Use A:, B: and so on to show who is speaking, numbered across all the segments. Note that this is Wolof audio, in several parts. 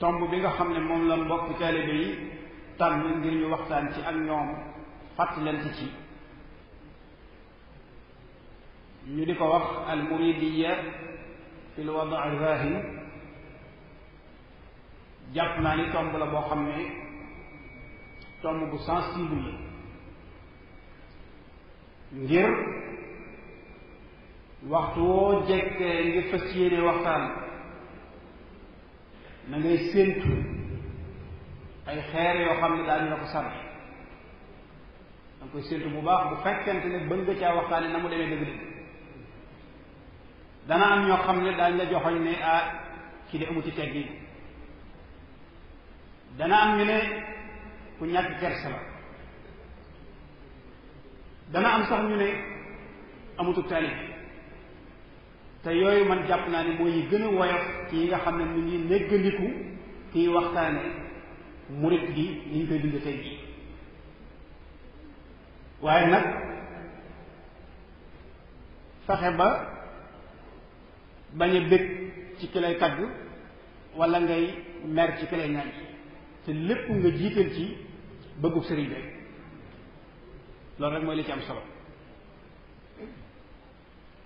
A: tomb bi nga xam ne moom la mbokk taalibe yi tànn ngir ñu waxtaan ci ak ñoom fàttalante ci ñu di ko wax al muridiya fi l wada zahin jàpp naa ni tomb la boo xam ne tomb bu sensible la ngir waxtu woo jekkee ngir fas yéene waxtaan na ngay séentu ay xeer yoo xam ne daañu la ko sar danga koy séentu bu baax bu fekkente ne bëgg nga caa waxtaane na mu demee dëgg dëgg dana am ñoo xam ne daañ la joxoñ ne ah ki de amu ci teg yi dana am ñu ne ku ñàkk kersa la dana am sax ñu ne amutu taalib te yooyu man jàpp naa ne mooy yi gën a woyof ci yi nga xam ne mu ngi néggandiku ci waxtaane murit gi ni ñu koy dund tey jii waaye nag fexe ba bañ a bëgg ci ki lay tagg wala ngay mer ci ki lay ñaan te lépp nga jiital ci bëggu sëriñ bi loolu rek mooy li ci am solo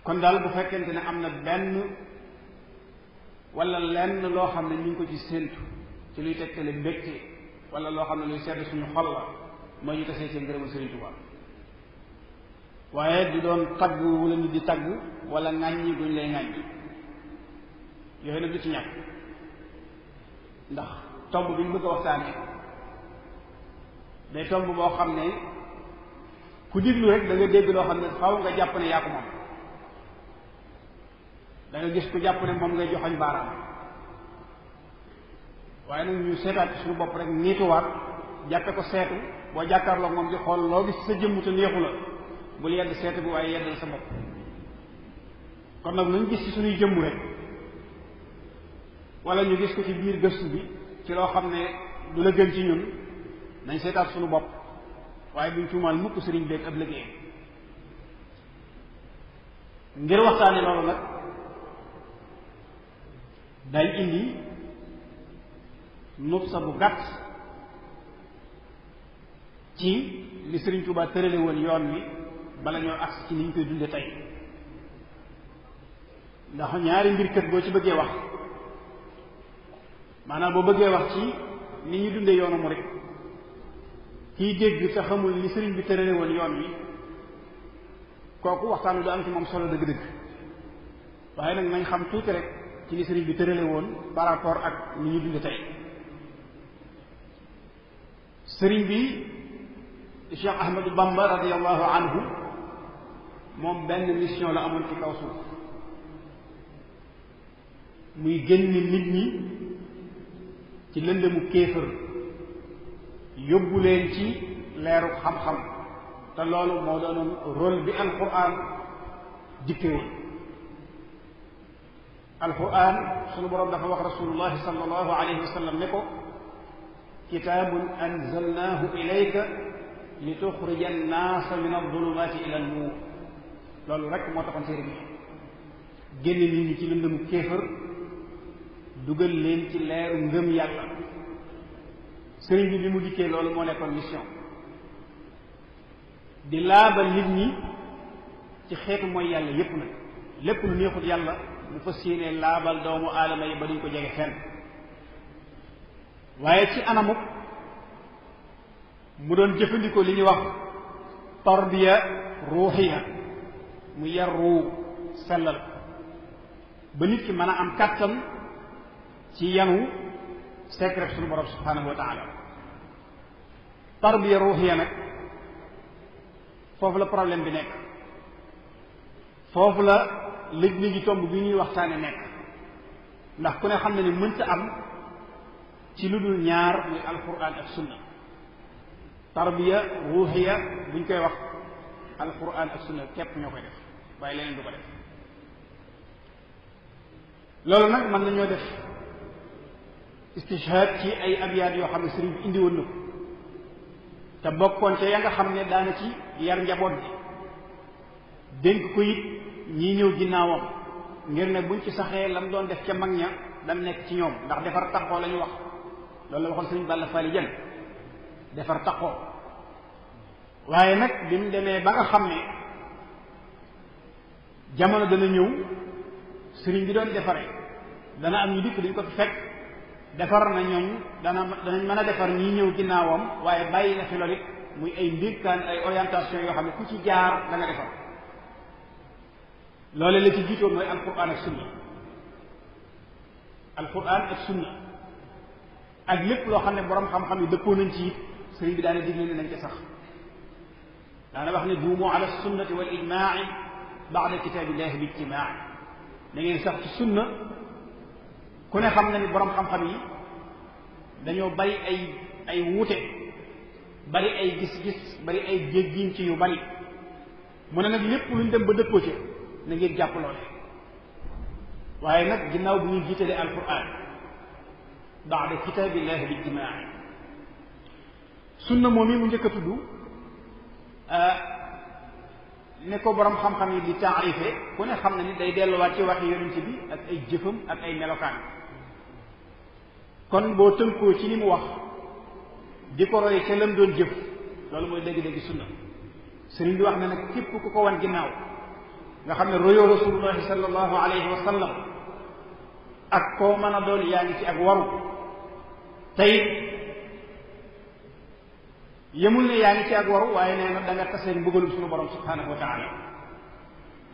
A: kon daal bu fekkente ne am na benn wala lenn loo xam ne ñu ngi ko ci séentu ci luy tegtale mbégte wala loo xam ne luy sedd suñu xol la mooy ñu tasee seen ngërëmu Sëriñ Tuubaa waaye du doon tagg wala nit di tagg wala ŋàññi guñ lay ŋàññi yooyu nag du ci ñàkk ndax tomb bi ñu bëgg a waxtaane day tomb boo xam ne ku diglu rek da nga dégg loo xam ne faaw nga jàpp ne yaa ko moom da gis ku jàpp ne moom ngay joxoñ baaraam waaye nag ñu seetaat ci suñu bopp rek niituwaat jàppe ko seetu boo jàkkaarloog moom di xool loo gis sa jëmm sa neexu la bul yedd seetu bi waaye yeddal sa bopp kon nag lu ñu gis ci suñuy jëmmu rek wala ñu gis ko ci biir gëstu bi ci loo xam ne du la gën ci ñun nañ seetaat suñu bopp waaye buñ tuumaal mukk sëriñ beeg ab liggéey ngir waxtaane loolu nag day indi nub sa bu gàtt ci li Sëriñ Tuubaa tërale yoon wi bala ñoo agsi ci ni ñu koy dunde tey ndax ñaari mbir boo ci bëggee wax maanaam boo bëggee wax ci ni ñu dunde yoonu rek kiy dégg te xamul li sëriñ bi tërale woon yoon wi kooku waxtaan du am ci moom solo dëgg-dëgg waaye nag nañ xam tuuti rek ci li sëriñ bi tërale woon par rapport ak li ñu dund tey sëriñ bi Cheikh Ahmadou Bamba radiallahu anhu moom benn mission la amoon ci kaw suuf muy génn nit ñi ci lëndëmu kéefër yóbbu leen ci leeru xam-xam te loolu moo doonoon rôle bi alquran dikkewoon القران سونو بروم دافا واخ رسول الله صلى الله عليه وسلم نيكو كتاب انزلناه اليك لتخرج الناس من الظلمات الى النور لولو رك مو تاكون سيري بي ген نيت ني تي لندم كيفر دوجال لين تي لير نغم يالا سيري بي بي مو ديكي لولو مو نيكون ميسيون دي لابال نيت ني تي خيت مو يالا ييب نك لپ لو نيهوت يالا bu fa yéene laabal doomu aadama yi ba duñ ko jege fenn waaye ci anamu mu doon jëfandikoo li ñuy wax tarbiya ruuxiya mu yar ruu sellal ba nit ki mën a am kàttan ci yanu secret sunu borom subhanahu wa taala tarbiya ruuxiya nag foofu la problème bi nekk foofu la léegi-léegi tomb bi ñuy waxtaane nekk ndax ku ne xam ne ni mënta am ci lu dul ñaar muy alquran ak sunna tarbiya ruuxiya buñ koy wax alquran ak sunna képp ñoo koy def waaye leneen du ko def loolu nag mën nañoo def istishhad ci ay abyaat yoo xam ne sëriñ bi indi na ko te bokkoon ca ya nga xam ne daana ci yar njaboot bi dénk ko ñi ñëw ginnaawam ngir ne buñ ci saxee lam doon def ca mag ña dam nekk ci ñoom ndax defar taxoo lañu wax loolu la waxoon sëñ Balla Fali Jën defar taxoo waaye nag bi mu demee ba nga xam jamono dana ñëw sëriñ bi doon defare dana am ñu dikk duñ ko fi fekk defar na ñooñ dana danañ mën a defar ñi ñëw ginnaawam waaye bàyyi na fi loolu muy ay ndénkaan ay orientation yoo xam ne ku ci jaar da nga defar loolee la ci jiitoon mooy alquran ak sunna alquran ak sunna ak lépp loo xam ne borom xam-xam yi dëppoo nañ ci it sëriñ bi daana digle ne nañ ca sax daana wax ne duumu ala sunnati wal ijmaai baada kitaabillahi bi ijtimaai da ngeen sax ci sunna ku ne xam na ni borom xam-xam yi dañoo bari ay ay wute bari ay gis-gis bari ay jéggin ci yu bari mu ne nag lépp luñ dem ba dëppoo ci na ngeen jàpp loole waaye nag ginnaaw bu ñuy jiitale alquran baada kitaabillahi bi ijmaa sunna moom yi mu njëkk a tudd ah, ne ko borom xam-xam yi di taarife ku ne xam na ni day delluwaat ci wax waxi ci bi ak ay jëfam ak ay melokaan kon boo tënkoo ci ni mu wax di ko roy ca lam doon jëf loolu mooy dëgg-dëgg sunna sëriñ bi wax na nag képp ku ko wan ginnaaw nga xam ne royo rasulullahi sallallahu alayhi wa sallam ak koo mën a doon yaa ngi ci ak waru tey yemul ne yaa ngi ci ak waru waaye nee na da nga tasee mbugalum suñu borom subhanahu wa taala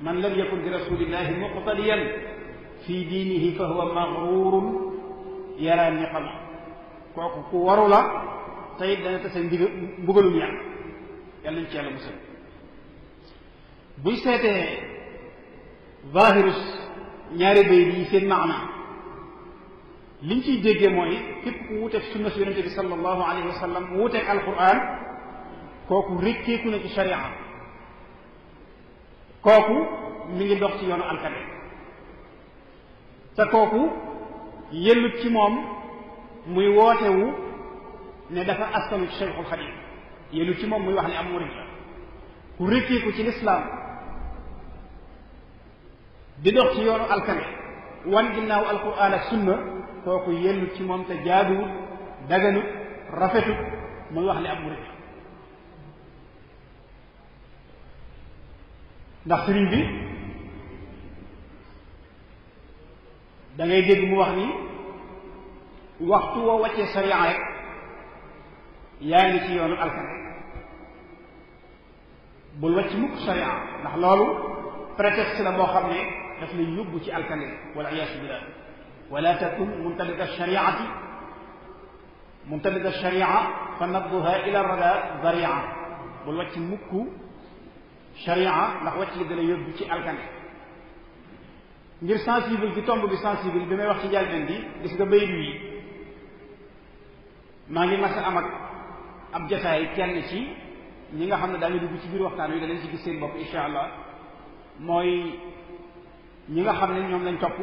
A: man lam yakun bi rasulillahi muqtadiyan fi diinihi fa huwa maghrurun yara niqama kooku ku waru la tey dana tasee ndigal mbugalum yàlla yàlla nañ ci yàlla musal buy seetee zaahiru ñaari bay bi seen maana liñ ci déggee mooy képp ku wuteeg sunna su yonente bi sallallahu alayhi wa sallam wuteeg alquran kooku rékkeeku na ci sharia kooku mi ngi dox ci yoonu alkade te kooku yellut ci moom muy wootewu ne dafa askanu ci cheikhul xadim yellut ci moom muy wax ne am murid la ku rékkeeku ci lislaam di dox ci yoonu alkane wan ginnaaw alquran ak sunna kooku yellu ci moom te jaaduwut daganut rafetut muy wax li ab murid ndax sëriñ bi dangay ngay mu wax ni waxtu woo wàccee sariya rek yaa ci yoonu alkane bul wàcc mukk sariya ndax loolu prétexte la boo xam ne daf lay yóbbu ci alkane wala iyaasu billah wala takun mumtalika shariati mumtalika sharia fa nadduha ila rada daria bul wàcc mukk sharia ndax wàcc li da lay yóbbu ci alkane ngir sensible ci tomb bi sensible bi may wax ci njëlbeen bi gis nga bayit yi maa ngi mas a am ak ab jataay kenn ci ñi nga xam ne daañu dugg ci biir waxtaan wi danañ ci gis seen bopp incha allah mooy ñi nga xam ne ñoom lañ topp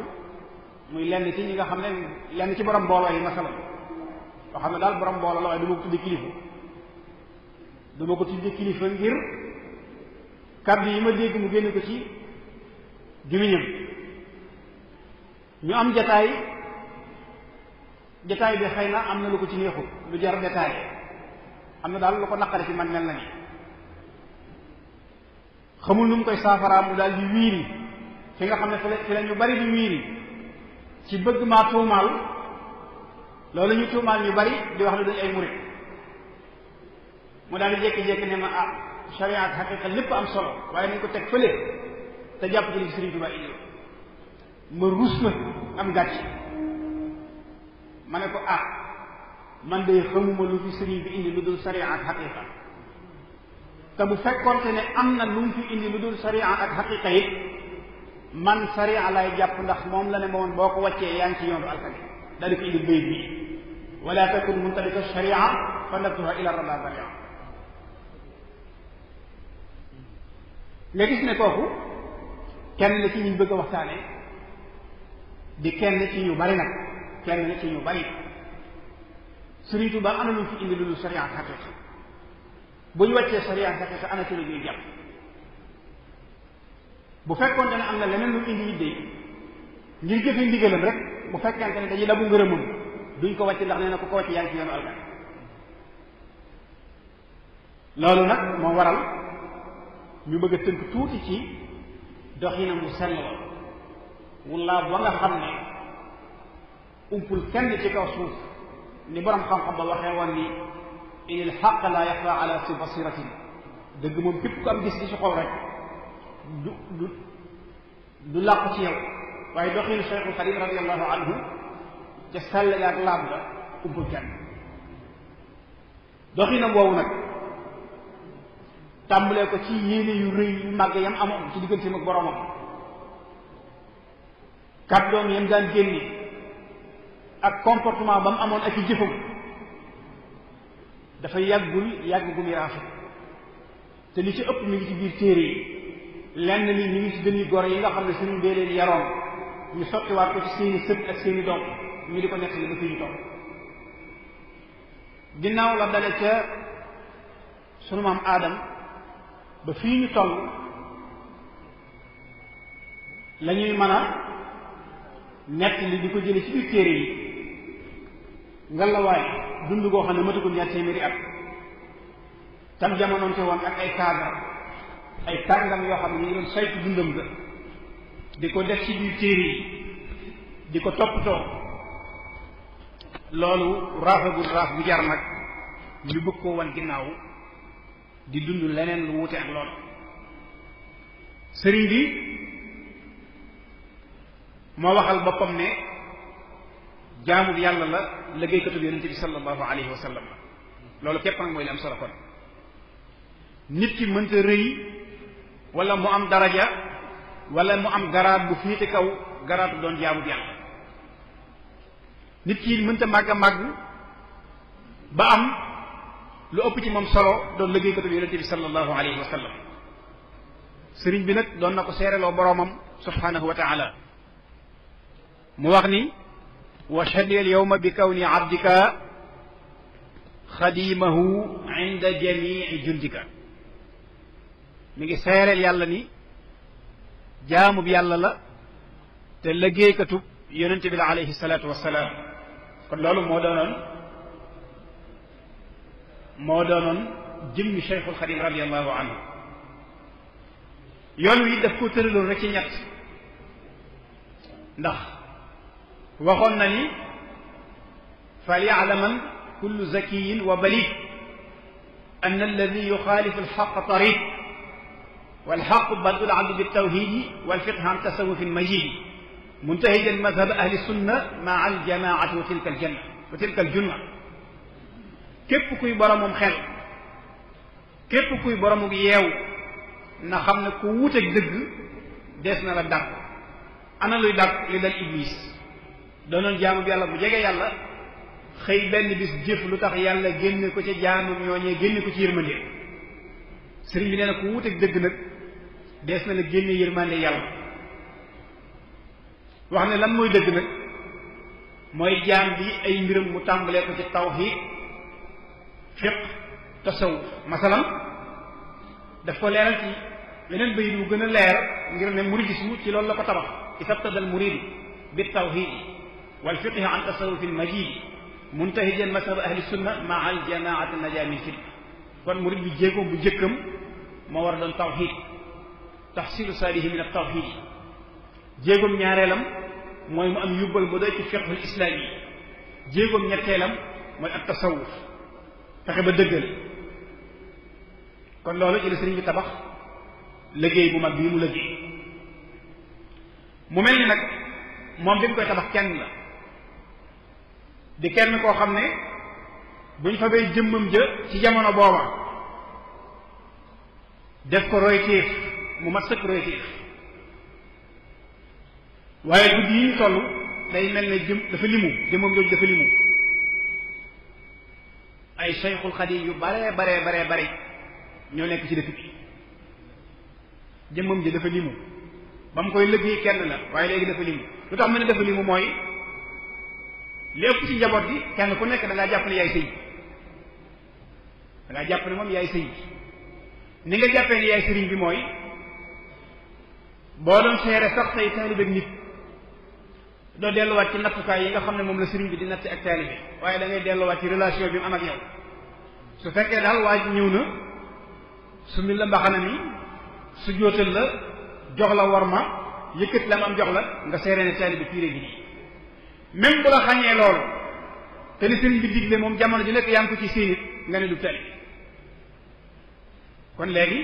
A: muy lenn ci ñi nga xam ne lenn ci borom mbooloo yi masalan yoo xam ne daal borom mbooloo la waaye du ko tudde kilifa du ma ko tudde kilifa ngir kàddu yi ma dégg mu génn ko ci gémmiñam ñu am jataay jataay bi xëy na am na lu ko ci neexul lu jar détail am na daal lu ko naqare ci man mel na ni xamul nu mu koy saafara mu daal di wiiri fi nga xam ne fi la ñu bari lu wiiri ci bëgg maa tuumaal loolu ñu tuumaal ñu bari di wax ne dañ ay murit mu daal di jékki-jékki ne ma ah charia am solo waaye nañ ko teg fële te jàpp ci li Sëriñ Tuubaa indi ma ruus na am gàcce ma ne ko ah man de xamuma lu fi sëriñ bi indi lu dul charia ak xaqiqa te bu fekkoonte ne am na lu mu fi indi lu dul charia ak xaqiqa yi man sari alay jàpp ndax mom la ne mo won boko wacce yang ci yoonu alkali dali ko indi bi wala takun muntalika sharia fa nafsuha ila rabbil alamin legis ne kooku kenn la ci ñu bëgg waxtane di kenn ci ñu bari nak kenn ci ñu bari suritu ba ana ñu fi indi lu sharia xatte bu wacce sharia xatte ana ci lu ñu jàpp bu fekkoon ne am na leneen lu indi it day ngir jëfe ndigalam rek bu fekkente ne dañuy dabu ngërëmam duñ ko wàcc ndax nee na ku ko wàcc yaa ngi ci yoonu algan loolu nag moo waral ñu bëgg a tënk tuuti ci doxinam mu sell woon walla ba nga xam ne umpul kenn ci kaw suuf ni borom xam-xam ba waxee woon ni inil xaq la yaxfa ala si basiratin dëgg moom képp ku am gis ci si xol rek du du du làq ci yow waaye doxin cheikhul xadim radiallahu anhu ci sall ya ak da ko bu kenn doxinam woowu nak tambule ko ci yene yu reuy yu mag yam am ci digganteem ak boromam dom yam daan genni ak comportement bam amone ak i da fay yagul yàgg gu te li ci upp mi ngi ci biir téré yi lenn li ñu ngi ci dënni gor yi nga xam ne suñu bee leen yaroon ñu sottiwaat ko ci seeni sët ak seeni doom ñu di ko nekk li ba fi ñu toog ginnaaw la dale ca sunu maam aadam ba fii ñu toll la ñuy mën a nekk li di ko jële ci biir téere yi ngan la waay dund goo xam ne matagul ñaar téeméeri at tam jamonoonte woon ak ay cadre ay kàngam yoo xam ne ñu doon saytu dundam ga di ko def ci biir téere yi di ko toppatoo loolu raafagul raaf bu jar nag ñu bëgg koo wan ginnaaw di dund leneen lu wuute ak loolu sëriñ bi moo waxal boppam ne jaamub yàlla la liggéeykatub yonente bi sallallahu alayhi wa sallam la loolu képp nag mooy li am solo kon nit ki mënta rëy wala mu am daraja wala mu am garaat bu fiite kaw garaatu doon jaamu yàlla nit ki mënta màgg mag ba am lu upp ci mom solo doon liggéeykatu bi yonente bi sallallahu alayhi wa sallam serigne bi nak doon nako ko boromam subhanahu wa taala mu wax ni washhadni al yawma bi kawni abdika xadimahu inda jamii jundika mi ngi seereel yàlla ni jaamu bi yàlla la te liggéeykatu yonente bi la alayhi salaatu wassalaam kon loolu moo doonoon moo doonoon jëmmi cheikhul xadim radiallahu anhu yoon wi daf ko tëraloon rek ci ñett ndax waxoon na ni falyalaman kullu zakiyin wa balid an alladi yuxaalifu alxaqa tariq والحق بل العبد بالتوحيد والفقه عن تصوف المجيد منتهجا مذهب اهل السنه مع الجماعه وتلك الجنه وتلك الجنه كيف كوي برامم خير كيف كوي برامم ياو نا خامن كو ووتك دغ ديسنا لا داك انا لوي داك لي دال ابليس دا جامو يالا بو جيغي يالا خي بن بيس جيف لو تخ يالا جيني كو سي جامو ньоني جيني كو سي يرمدي سيرين بي نانا كو ووتك دغ نك dees na la génne yërmande yàlla wax ne lan moy dëgg nak moy jaam bi ay mbirum mu tambalé ko ci tawhid fiq tasawuf masalan daf ko leral ci weneen bayru gëna leral ngir ne muridismu ci loolu la ko tabax istabtada murid bi tawhid wal fiqh an tasawuf al majid muntahijan mashab ahli sunna ma al jamaat al najamiyyah kon murid bi jéegoom bu jëkkam mo war don tawhid taxsilu saalihi min at-tawhid jéegoom ñaareelam mooy mu am yubbal mu doy ci fiqhul islaam yi jéegoom ñetteelam mooy ak tasawuf fexe ba dëggal kon loolu ci la sëriñ bi tabax liggéey bu mag bii mu liggéey mu mel ni nag moom bi mu koy tabax kenn la di kenn koo xam ne buñ fa bay jëmmam jë ci jamono booba def ko roy téef mu mat sëkk roy ci waaye guddi yi ñu toll day mel ne jëm dafa limu jëmmam jooju dafa limu ay Sayxul Xadiim yu bare bare bare bare ñoo nekk ci dëkk bi jëmmam ji dafa limu ba mu koy liggéey kenn na waaye léegi dafa limu lu tax mu ne dafa limu mooy lépp ci njaboot gi kenn ku nekk dangaa ngaa jàpp ne yaay sëy da ngaa jàpp ne moom yaay sëy ni nga jàppee ne yaay sëriñ bi mooy boo doon seere sax tey taalibeeg nit doo delluwaat ci nattukaay yi nga xam ne moom la sëriñ bi di natt ak taalibe waaye da ngay delluwaat ci relation bi mu am ak yow su fekkee daal waa ji ñëw na su mi la mbaxana mi su jóotal la jox la war ma yëkkati la ma am jox la nga seere ne taalibe kiire gi nii même bu la xañee loolu te li sëriñ bi digle moom jamono ji nekk yaa ngi ci séenit nga ne du taalibe kon léegi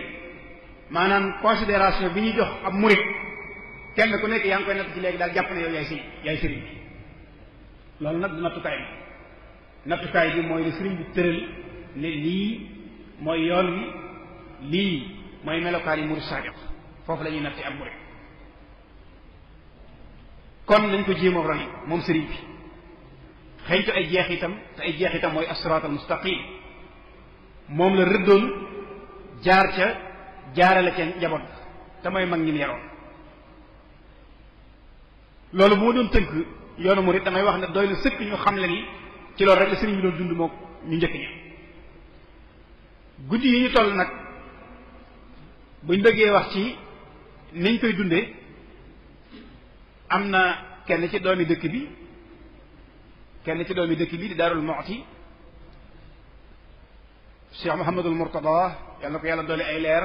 A: manam considération biñu jox ab mourid kenn ku nekk yaa ngi koy natt ci léegi daal jàpp ne yow yaay sëriñ yaay sëriñ bi loolu nag du nattukaay bi nattukaay bi mooy li sëriñ bi tëral ne lii mooy yoon wi lii mooy melokaan mourid sadiq saadiq foofu la ñuy natt ab murit kon nañ ko jéem a roy moom sëriñ bi xëñtu ay jeexitam te ay jeexitam mooy asiraat al mustaqim moom la rëddoon jaar ca jaarale ca njaboot ga te mooy mag ñi yaroon loolu bu ma doon tënk yoonu murid damay wax ne doy na sëkk ñu xam le ni ci loolu rek la sëriñ bi doon dund moo ñu njëkk ñi guddi yi ñu toll nag buñ bëggee wax ci niñ koy dundee am na kenn ci doomi dëkk bi kenn ci doomi dëkk bi di Daarul Muxti Cheikh Mouhamadul Mourtada yàlla na ko yàlla doole ay leer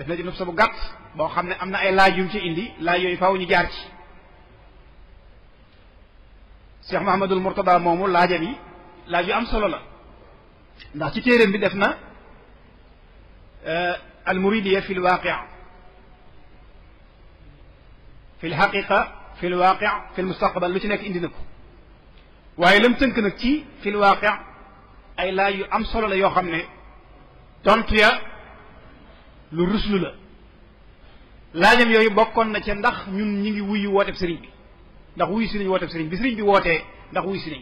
A: def na dina bu gàtt boo xam ne am na ay laaj yu ci indi laaj yooyu faaw ñu jaar ci Cheikh Mahamadul murtada moomu laajam bi laaj yu am solo la ndax ci téeréem bi def na al muridiya fi lwaqia fi lxaqiqa fi lwaqia fi lmustaqbal lu ci nekk indi na ko waaye lam tënk nag ci fi lwaqia ay laaj yu am solo la yoo xam ne tontu ya lu ruslu la laajam yooyu bokkoon na ca ndax ñun ñi ngi wuyu wooteeb sëriñ bi ndax wuyu si nañ wooteeb sëriñ bi sëriñ bi wootee ndax wuyu si ko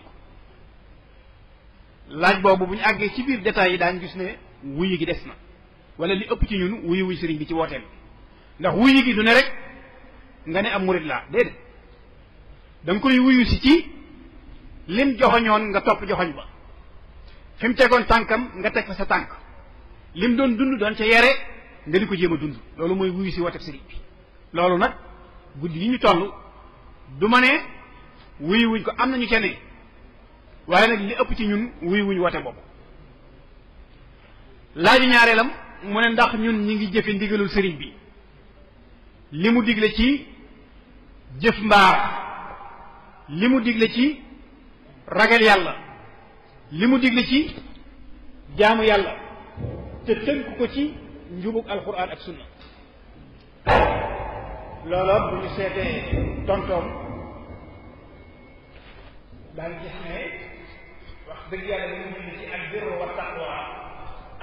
A: laaj boobu bu ñu àggee ci biir détails yi daañu gis ne wuyu gi des na wala li ëpp ci ñun wuyu wuyu sëriñ bi ci wooteem ndax wuyu gi du ne rek nga ne am murit laa déedéet da nga koy wuyu si ci lim joxoñoon nga topp joxoñ ba fi mu tegoon tànkam nga teg fa sa tànk lim doon dund doon ca yere nga di ko jéem a dund loolu mooy wuyu ci woteeb sëriñ bi loolu nag guddi yi ñu toll du ma ne wuyu wuñ ko am nañu ca ne waaye nag li ëpp ci ñun wuyu wuñ wote boobu laaju ñaareelam mu ne ndax ñun ñi ngi jëfe ndigalul sëriñ bi li mu digle ci jëf mbaar li mu digle ci ragal yàlla li mu digle ci jaamu yàlla te tënk ko ci njubug alquran ak sunna loola bu ñu seetee tontoom daal gis ne wax dëgg yàlla bu ñu ci ak birru wa taqwa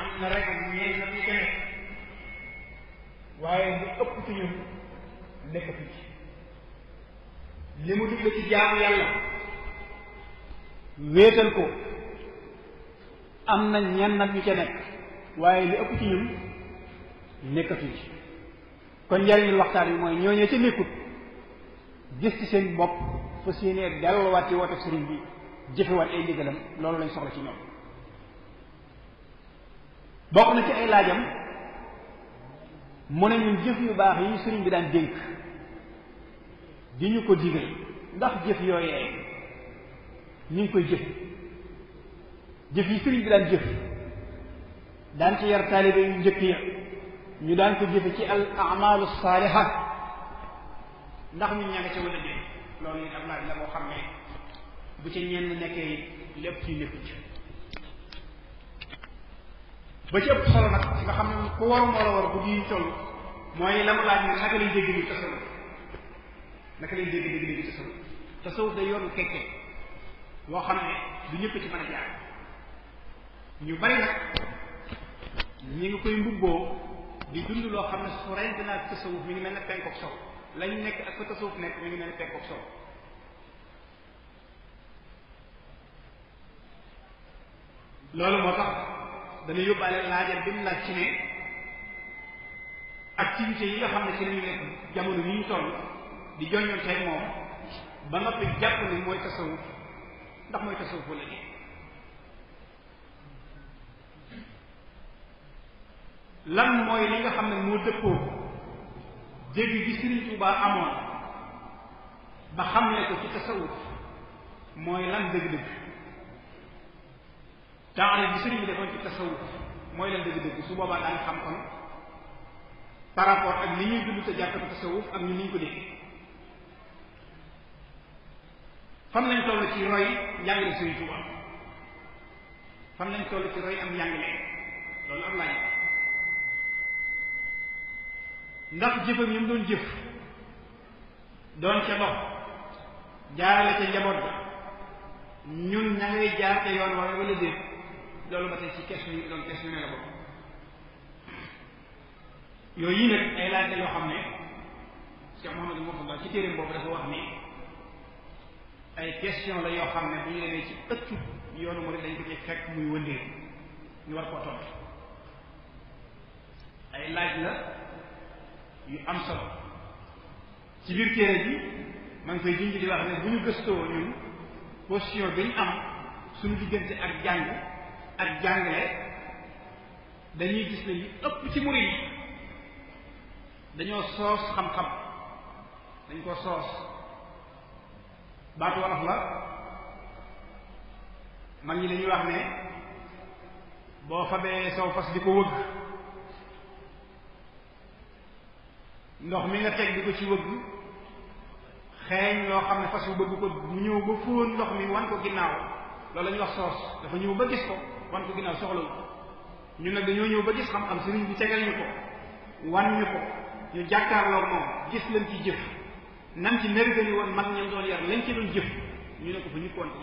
A: am na rek ñeen na ko am na nag ñu ca nekk waaye li ëpp ci ñun nekkatuñ ci kon njariñul waxtaan bi mooy ñooñee ca nekkut gis ci seen bopp fas yéenee delluwaat ci woote sëriñ bi jëfewaat ay ndigalam loolu lañ soxla ci ñoom bokk na ci ay laajam mu ne ñun jëf yu baax yi sëriñ bi daan dénk di ñu ko digal ndax jëf yooyee ñu ngi koy jëf jëf yi sëriñ bi daan jëf daan ci yar taalibe yu njëkk ya ñu daan ko jëfe ci al amalu saaliha ndax ñu ña nga ca wala loolu it am laaj la boo xam ne bu ca ñenn nekkee lépp ñu nekku ci ba ci ëpp solo nag la war bu di toll mooy la mu laaj ñu ngi koy mbubboo di dund loo xam ne sorente na tasawuf mi ngi mel ne penk ak sow lañ nekk ak fa tasawuf nekk mi ngi mel ne penk ak sow loolu moo tax dana yóbbaale laajal bi mu laaj ci ne activités yi nga xam ne ci lañu jamono yi ñu toll di joññoon tey moom ba noppi jàpp ne mooy tasawuf ndax mooy tasawuf wala lan mooy li nga xam ne moo dëppoo dégg gi Sëriñ Tuubaa amoon ba xam ne ko ci tasawuf mooy lan dëgg-dëgg taarif bi sëriñ bi defoon ci tasawuf mooy lan dëgg-dëgg su boobaa daan xam kon par rapport ak li ñuy dund te jàpp ko tasawuf ak ni ñu ko dégg fan lañ toll ci roy njàngale Sëriñ Tuubaa fan lañ toll ci roy am njàngale loolu am laaj ndax jëfam yi doon jëf doon ca dox jaarale ca njaboot ba ñun ña jaar te yoon waaye wala déet loolu ba tey ci kes ñu doon kes ñu ne yooyu yi nag ay laajte yoo xam ne Cheikh Mouhamadou Moustapha ci téeréem boobu dafa wax ni ay question la yoo xam ne bu ñu demee ci ëttu yoonu mu rek dañ ko ci fekk muy wëndeer ñu war koo tontu ay laaj la yu am solo ci biir téere bi maa ngi koy junj di wax ne bu ñu gëstoo ñun position bi ñu am suñu diggante ak jàng ak jàngale dañuy gis ne ñu ëpp ci murid yi dañoo soos xam-xam dañ ko soos baatu wolof la mag ñi dañuy wax ne boo fabee sow fas di ko wëgg ndox mi nga teg di ko ci wëgg xeeñ loo xam ne fas yu bëgg ko mu ñëw ba fóon ndox mi wan ko ginnaaw loolu la wax soos dafa ñëw ba gis ko wan ko ginnaaw soxlawu ñun dañoo ñëw ba gis xam-xam sëriñ ko wan ñu ko ñu jàkkaarloo moom gis lañ ci jëf nam ci mérite ñu woon mag ñam doon yar lañ ci doon jëf ñu ne ko fa ñu ko wan ko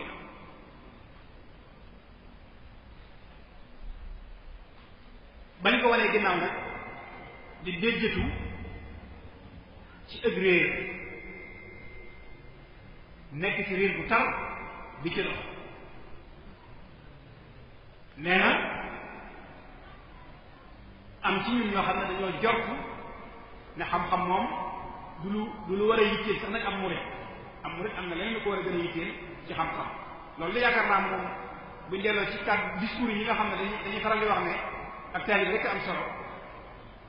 A: ginnaaw ko wanee ginnaaw nag di déjjatu ci ëg réer nekk ci réer bu tar bi ci dox am ci ñun ñoo xam ne dañoo jort ne xam-xam moom du lu du lu war a yitteel sax nag am murid am murid am na leneen lu ko war a gën a yitteel ci xam-xam loolu la yaakaar naa moom buñ delloo ci kàddu discours yi nga xam ne dañuy dañuy faral di wax ne ak taalib rek am solo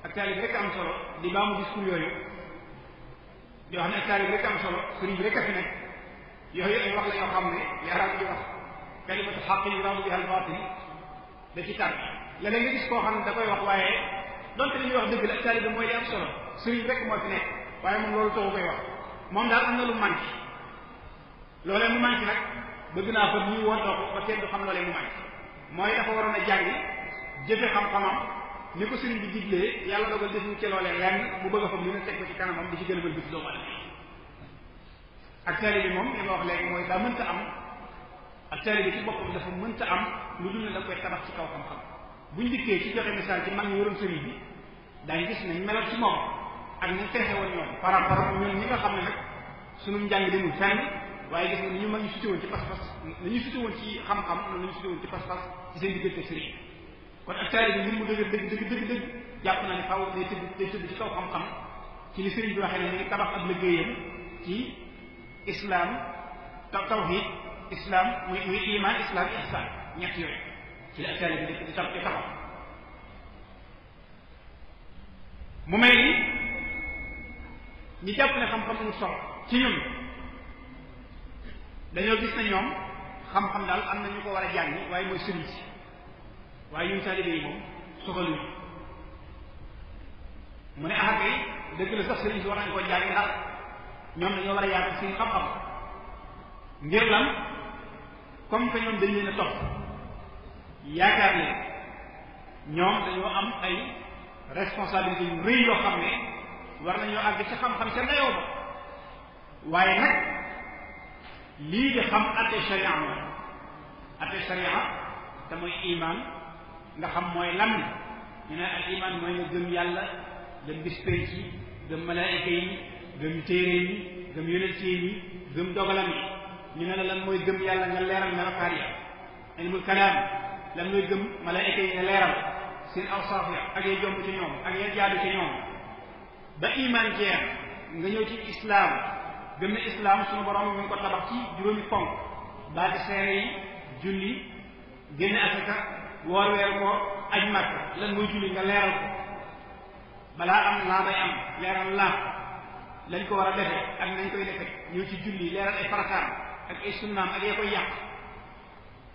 A: ak taalib rek am solo di baamu discours yooyu yoo xam ne ak taalib am solo sëriñ bi rek a fi nekk yooyu ay wax la yoo xam ne yaram di wax kalimatu xaq yi ramu biha al batil da ci tar leneen nga gis koo xam ne da koy wax waaye donte li ñuy wax dëgg la ak taalib mooy li am solo sëriñ rek moo fi nekk waaye moom loolu taxu koy wax moom daal am na lu manqué loolee mu manqué nag bëgg naa ko ñuy wontoo ko ba kenn du xam loolee mu manqué mooy dafa waroon a jàngi jëfe xam-xamam ni ko sëriñ bi diglé yàlla dogal def ñu ci loolee lenn mu bëgg fa mëna tek na teg ko ci kanamam di ci gën bëgg mën bis ak tali bi mom ñu wax légui moy da mënta am ak tali bi ci boppam dafa mënta am lu dul ne da koy tabax ci kaw xam-xam buñ dikkee ci joxe misal ci mag ñu yoroon sëriñ bi daañu gis ne meloon ci moom ak ñu fexe woon ñoom par rapport ak ñi nga xam ne sunu njàng demul fenn waaye gis ni ñu mag ñu suti woon ci pas-pas ñu suti woon ci xam-xam ñu suti woon ci pas-pas ci seen diggante sëriñ kon ak taalibe bi ngir mu dëgër dëgg dëgg dëgg dëgg jàpp naa ne faaw day tëdd day tëdd ci kaw xam-xam ci li sëriñ bi waxee ne mi ngi tabax ab liggéeyam ci islam taw tawhid islam muy muy iman islam ihsan ñett yooyu ci la ak taalibe tabax mu mel ni ñi jàpp xam-xam amul solo ci ñun dañoo gis ne ñoom xam-xam daal am nañu ñu ko war a jàng waaye mooy sëriñ si waaye ñun taalibe yi moom soxaluñu mu ne ah kay dëgg la sax sëriñ si war nañ koo jàngi ndax ñoom dañoo war a yaatu suñu xam-xam ngir lan comme que ñoom dañ leen a topp yaakaar ne ñoom dañoo am ay responsabilité yu rëy war nañoo àgg ci xam-xam ca ndeyoo ba waaye nag lii di xam atte sharia mooy atte sharia te mooy iman nga xam mooy lan ñu ne al iman mooy nga gëm yàlla gëm bis pénc yi gëm malaayika yi gëm téere yi gëm yonent yi gëm dogalam ñu ne la lan mooy gëm yàlla nga leeral melokaan ya ilmul kalaam lan mooy gëm malaayika yi nga leeral seen awsaaf ya ak ya jomb ci ñoom ak ya jaadu ci ñoom ba iman jeex nga ñëw ci islaam gëm na islaam suñu borom mi ngi ko tabax ci juróomi ponk baati seere yi julli génne asaka woor weer ko aj màkk lan muy julli nga leeral ko balaa am laa may am leeral laab lañ ko war a defee ak nañ koy defee ñëw ci julli leeral ay farataam ak ay sunnaam ak yee koy yàq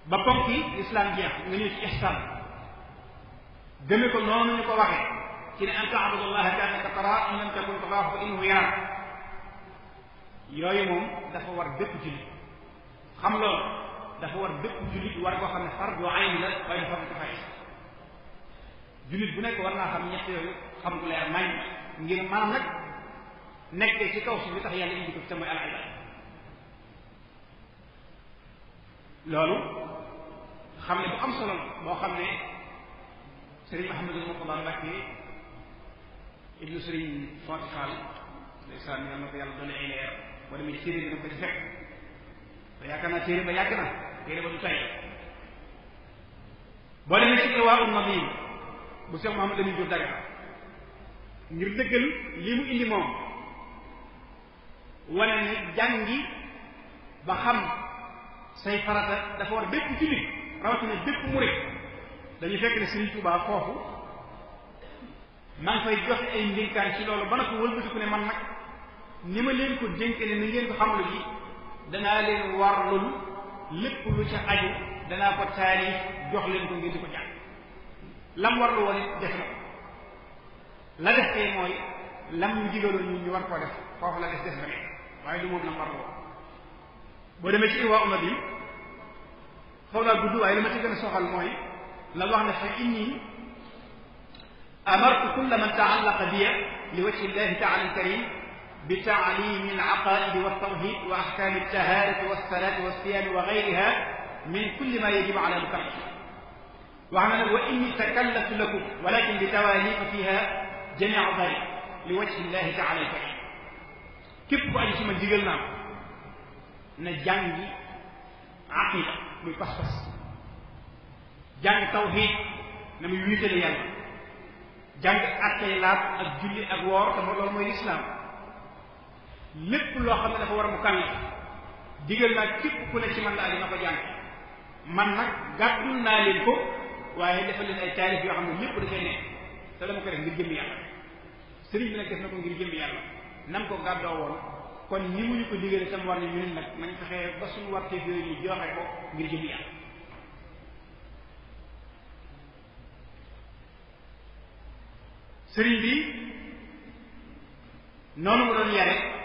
A: ba ponk yi islam jeex nga ñëw ci ihsan deme ko noonu ñu ko waxee ci ne an taabudallaha ka annaka taraa in lam takun taraahu fa innahu yarak yooyu moom dafa war bépp julli xam loolu dafa war bépp jullit war koo xam ne fardu ayn la waaye dafa ko fay jullit bu nekk war naa xam ñett yooyu xam lu leer nañ ngir maanaam nag nekkee ci kaw suuf li tax yàlla indi ko fi te mooy al ibaada loolu xam ne bu am solo boo xam ne sëriñ Mahamadou Moustapha Mbacké ibnu sëriñ Fati Fall ndeysaan yal na ko yàlla doon ay leer wala muy téere bi na ko ci fekk te yaakaar naa téere ba yàgg na téere ba du tay boo demee ci waa um nadim bu Cheikh Mouhamed Lamine Diop Dagana ngir dëggal lii mu indi moom wane ni jàngi ba xam say farata dafa war bépp jullit rawatina bépp murit dañu fekk ne Sëriñ Tuubaa foofu man ngi fay joxe ay ndénkaan ci loolu ba na ko wëlbatiku ne man nag ni ma leen ko dénke ne ngeen ko xamlu ji danaa leen warlul lépp lu ca aju danaa ko taarif jox leen ko ngir di ko jàng lam warlu woon it def na ko la def kay mooy lam ñu digaloon ñun ñu war koo def foofu la des def na waaye lu moom lam warlu woon boo demee ci irwaa uma bi xaw naa gudd waaye li ma ci gën a soxal mooy la wax ne fa inni amartu kulla man taallaqa biya li wajhi llahi taala al karim بتعليم العقائد والتوحيد واحكام التهاره والصلاه والصيام وغيرها من كل ما يجب على الفرد. وعمل واني تكلفت لكم ولكن بتواليف فيها جميع ذلك لوجه الله تعالى الكريم. كيف بقى شيء ما جيجلنا؟ نجاني عقيده من فصفص. جاني توحيد نمي ويتل يلا. جاني اكيلات الجلي اغوار كما الاسلام. lépp loo xam ne dafa war a mu kànn digal naa képp ku ne ci man la aji na ko jàng man nag gàddul naa leen ko waaye defal leen ay taalif yoo xam ne lépp dafay nekk te dama ngir jëmm yàlla sëriñ bi nag def na ko ngir jëmm yàlla nam ko gàddoo woon kon ni mu ñu ko digale tam ñu ne ñun nag nañ fexee ba suñu warteef yooyu ñu joxe ko ngir jëmm yàlla sëriñ bi noonu mu doon yare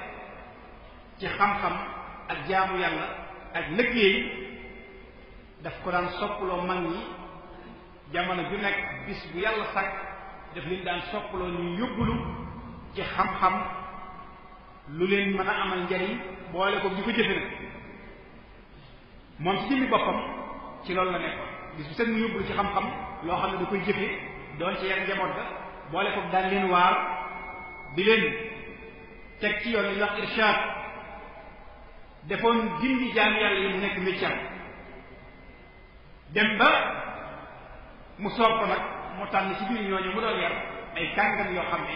A: ci xam-xam ak jaamu yàlla ak liggéey daf ko daan soppaloo mag ñi jamono ju nekk bis bu yàlla sàkk daf leen daan soppaloo ñu yóbbulu ci xam-xam lu leen mën a amal njariñ boole ko di ko jëfe nag moom ci jëmmi boppam ci loolu la nekkoon bis bu set mu yóbbulu ci xam-xam loo xam ne di koy jëfe doon ci yar njaboot ga boole ko daan leen waar di leen teg ci yoon li wax irshaad defoon gindi jaam yàlla yi mu nekk métier dem ba mu soog ko nag mu tànn ci biir ñooñu mu doon yar ay kàngam yoo xam ne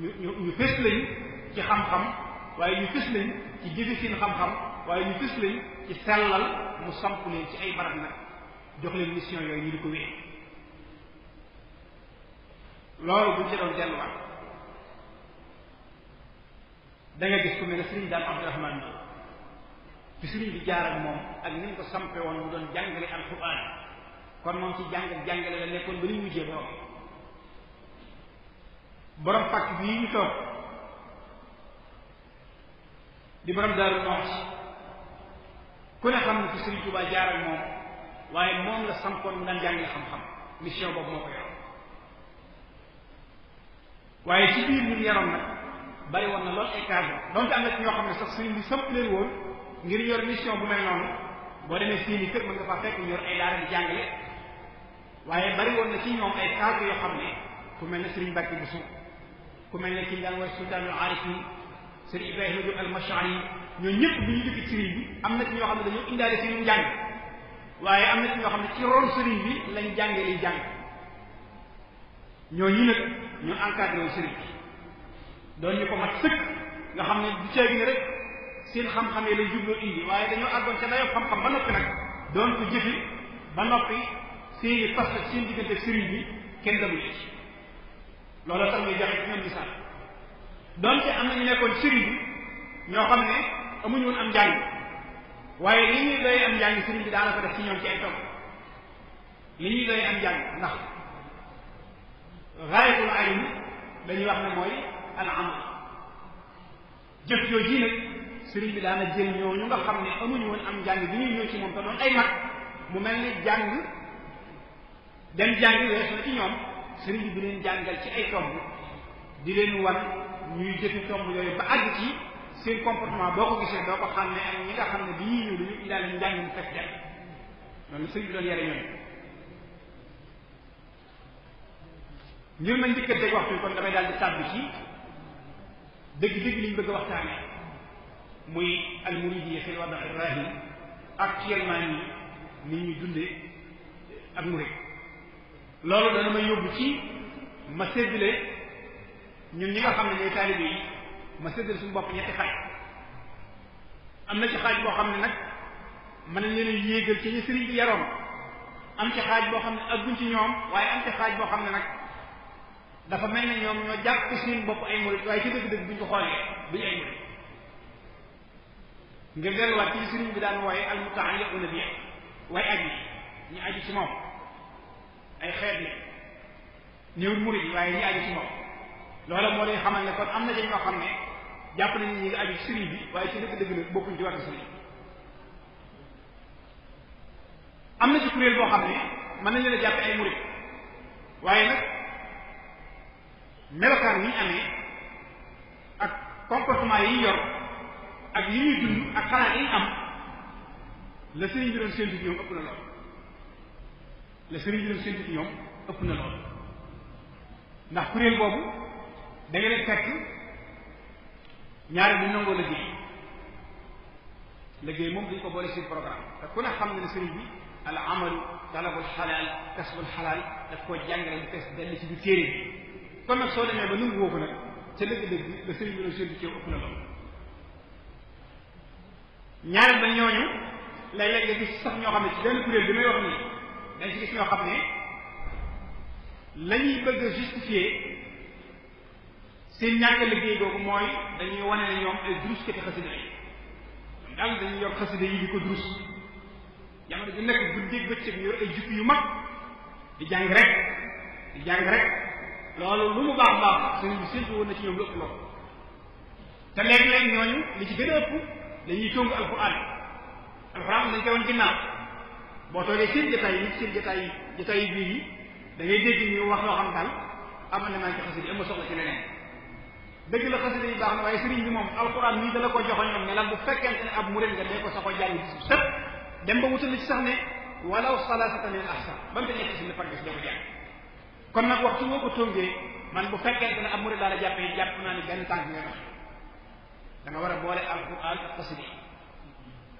A: ñu ñu ñu fës lañ ci xam-xam waaye ñu fës lañ ci jëfe seen xam-xam waaye ñu fës lañ ci sellal mu samp leen ci ay barab nag jox leen mission yooyu ñu di ko wéy loolu buñ ci doon delluwaat da nga gis ku mel ne sëriñ daam abdourahman bi bi sëriñ bi jaar ak moom ak ni ko sampe woon mu doon jàngale alquran kon moom ci jàng jàngale la nekkoon ba ñuy mujjee borom borom pàkk bii ñu toog di borom daaru moxsi ku ne xam ne ci sëriñ Tuubaa jaar moom waaye moom la sampoon mu daan jàngale xam-xam mission boobu moo ko yor waaye ci biir ñu yaroon nag bari woon na lool ay cadre donte am na ci ñoo xam ne sax sëriñ bi sëmp leen woon ngir yor mission bu mel noonu boo demee seeni kër mën nga fa fekk yor ay daara di jàngale waaye bari na ci ñoom ay cadre yoo xam ne ku mel ne sëriñ Mbàkke Buso ku mel na ki ñu daan woowe sultaanul aarifin sëriñ Ibrahima Jóob ñëpp bu ñu dëkk sëriñ bi am na ci ñoo xam ne dañoo indaale sëriñ njàng waaye am na ci ñoo xam ne ci ron sëriñ bi lañ jàngee liy jàng ñooñu nag ñoo encadré wu sëriñ bi doon ñu ko mat sëkk nga xam ne seen xam yi lay jubloo indi waaye dañoo àggoon ca dayoo xam-xam ba noppi nag doon ko jëfi ba noppi seeni fas ak seen diggante sëriñ bi kenn damu ci loolu tax muy joxe ci même misaal doon ci am nañu nekkoon sëriñ bi ñoo xam ne amuñu woon am njàng waaye li ñuy doyee am njàng sëriñ bi daanaka def ci ñoom ci ay toog li ñuy doyee am njàng ndax raayatul ayn dañuy wax ne mooy al amal jëf yooyu nag sëriñ bi daana jël ñu nga xam ne amuñu woon am jàng bi ñuy ñëw ci moom te doon ay mag mu mel ni jàng dem jàngi weesu na ci ñoom sëriñ bi leen jàngal ci ay tomb di leen wan ñuy jëfi tomb yooyu ba àgg ci seen comportement boo ko gisee doo ko xam ne ak ñi nga xam ne bi ñuy ñëw dañu indaale leen njàngum fekk dem loolu sëriñ bi doon yare ñoom ngir ma njëkkante waxtu kon damay daal di tàbbi ci dëgg-dëgg liñ bëgg a waxtaane muy almuridiyya fil wada rahim actuellement nii ni ñu dunde ak murid loolu dana ma yóbbu ci ma séddale ñun ñi nga xam ne ñooy taalibe yi ma séddale suñu bopp ñetti xaaj am na ci xaaj boo xam ne nag mën nañ leen a yéegal ci ñu sëriñ yaroon am ci xaaj boo xam ne agguñ ci ñoom waaye am ci xaaj boo xam ne nag dafa mel ne ñoom ñoo jàpp seen bopp ay murit waaye ci dëgg-dëgg bu ñu ko xoolee bu ñu ay murit ngir delluwaat ci sëriñ bi daan wooye al mutaalliquna bi waaye aju ñu aju ci moom ay xeet la ñëwul murit waaye ñu aju ci moo de xamal ne kon am na dañ ñoo xam ne jàpp nañu ñi ngi aju ci sëriñ bi waaye ci dëgg-dëgg nag bokkuñ ci wàllu sëriñ am na ci kuréel boo xam ne mën na leen a jàpp ay murit waaye nag melokaan yi ñu amee ak comportement yi ñu yor ak yi ñuy dund ak xalaat yi ñu am la sëriñ bi doon séntu ci ñoom ëpp na lool ëpp na lool ndax kuréel boobu da nga fekk ñaari bu nangoo liggéey liggéey moom dañ ko boole seen programme te ku ne xam ne ne sëriñ bi al amalu talabul xalaal kasbul xalaal daf koo jàngale bu fees dell ci biir téere kon nag soo demee ba nangu woo nag ca dëgg-dëgg bi da sëriñ bi doon séntu ci ëpp na loolu ñaareel ba ñooñu léeg-léeg gis xam ne ci benn kuréel bi may wax nii dañ ci gis ñoo xam ne la ñuy bëgg a justifier seen ñàkk liggéey googu mooy dañuy wane ne ñoom ay drus kati xasida yi daal dañuy yor xasida yi di ko drus jamono ju nekk guddeeg bëccëg yor ay jukki yu mag di jàng rek di jàng rek loolu lu mu baax baax sëriñ bi séntu woon na ci ñoom lu ëpp loolu te léeg-léeg ñooñu li ci gën ëpp dañuy tóngu alquran alquran dañ koy woon ginnaaw boo toogee seen jotaay yi seen jotaay yi jotaay yi biir yi da ngay dégg ñu wax loo xam daal am na maa ci xasida am soxla ci leneen dëgg la xasida baax na waaye sëriñ bi moom alquran nii dala ko joxoñoon ne lan bu fekkente ne ab murid nga dee ko saxoo jàng bis sëpp dem ba wutal ci sax ne walaw salaasatan min ahsan ba mu te nekk kon nag waxtu woo ko tongee man bu fekkee dana ab murid daal la jàppee jàpp naa ni benn tànk ngay wax da war a boole alquran ak xasida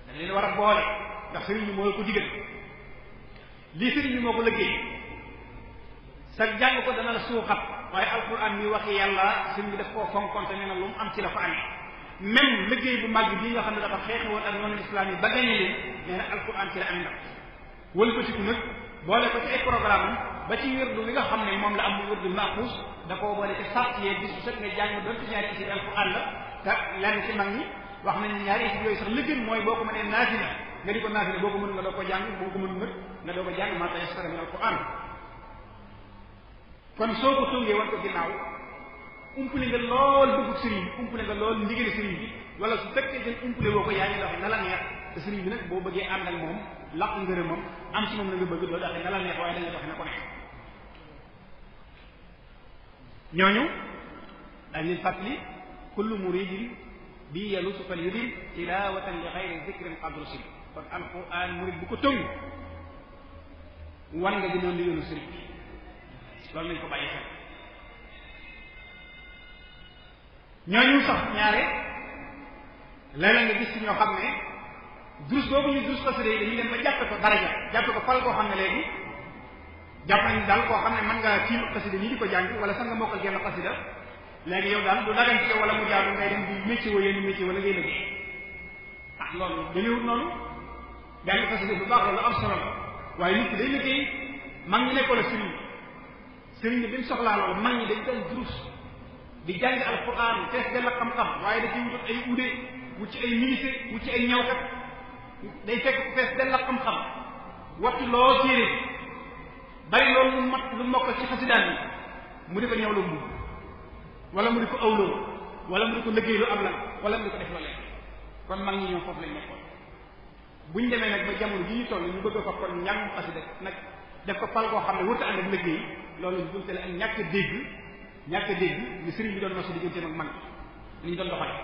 A: da leen war a boole ndax sëriñ bi moo ko digal lii sëriñ bi moo ko liggéey sa jàng ko dana la suuxat waaye alquran mi waxi yàlla sëriñ bi daf koo fonkonte nee na lu am ci la fa amee même liggéey bu màgg bii nga xam ne dafa xeexi woon ak noonu ba gañe leen nee na alquran ci la amee ndax wëlbatiku nag boole ko ci ay programme ba ci wirdu wi nga xam ne moom la am bu wirdu maxuus da koo boole ci sart yee bis bu set nga jàng doon ci ñaari isib alquran la te lenn ci mag ñi wax nañ ñaari isib yooyu sax li gën mooy boo ko mënee naafila nga di ko naafila boo ko mën nga doo ko jàng boo ko mën nga doo ko jàng maa tayassara min alquran kon soo ko tungee war ko ginnaaw umpale nga lool dugg sëriñ bi umpale bi wala su fekkee seen umpale woo ko yaa ngi la neex te sëriñ bi nag boo bëggee ànd ak moom laq ngërëmam am ci moom na nga bëgg doo doxe la neex waaye ñooñu dañuy fàttali kullu muridin bi yalusu fal yudin tilawatan li xayri zikrin adrusi kon alquran murid bu ko tëngu wan nga gënoon li yoonu sëriñ bi loolu nañ ko bàyyi xel ñooñu sax ñaare léeg-léeg nga gis ñoo xam ne durus boobu ñu durus xasida yi dañuy dem ba jàppe ko daraja jàppe ko fal koo xam ne léegi jàpp nañ daal koo xam ne mën ngaa tiim xasida nii di ko jàng wala sax nga mokkal genn xasida léegi yow daal du dagan ci yow wala mu jaadu ngay dem di métier wala yenn métier wala ngay liggéey ah loolu bu baax loolu am solo la waaye nit ki day liggéey mag ñi nekkoon la sëriñ sëriñ bi bi mu soxlaa loolu mag ñi dañ daan durus di jàng alquran fees dell ak xam-xam waaye da ciy wut ay ude wut ci ay ministre wut ci ay ñawkat day fekk fees dell ak xam-xam waxtu loo téere bari loolu lu mat lu mokkal ci xasidaan yi mu di ko ñawloo mbubb wala mu di ko awloo wala mu di ko liggéeyloo am la wala mu di ko def la kon mag ñi ñoom foofu lañ nekkoon ñu demee nag ba jamono ji ñu toll ñu bëgg ko kon njàngum xasida nag def ko pal koo xam ne wërta ànd ak liggéey loolu ñu dul tele ak ñàkk a dégg ñàkk dégg ñu sëriñ bi doon nosu digganteem ak mag li ñu doon doxale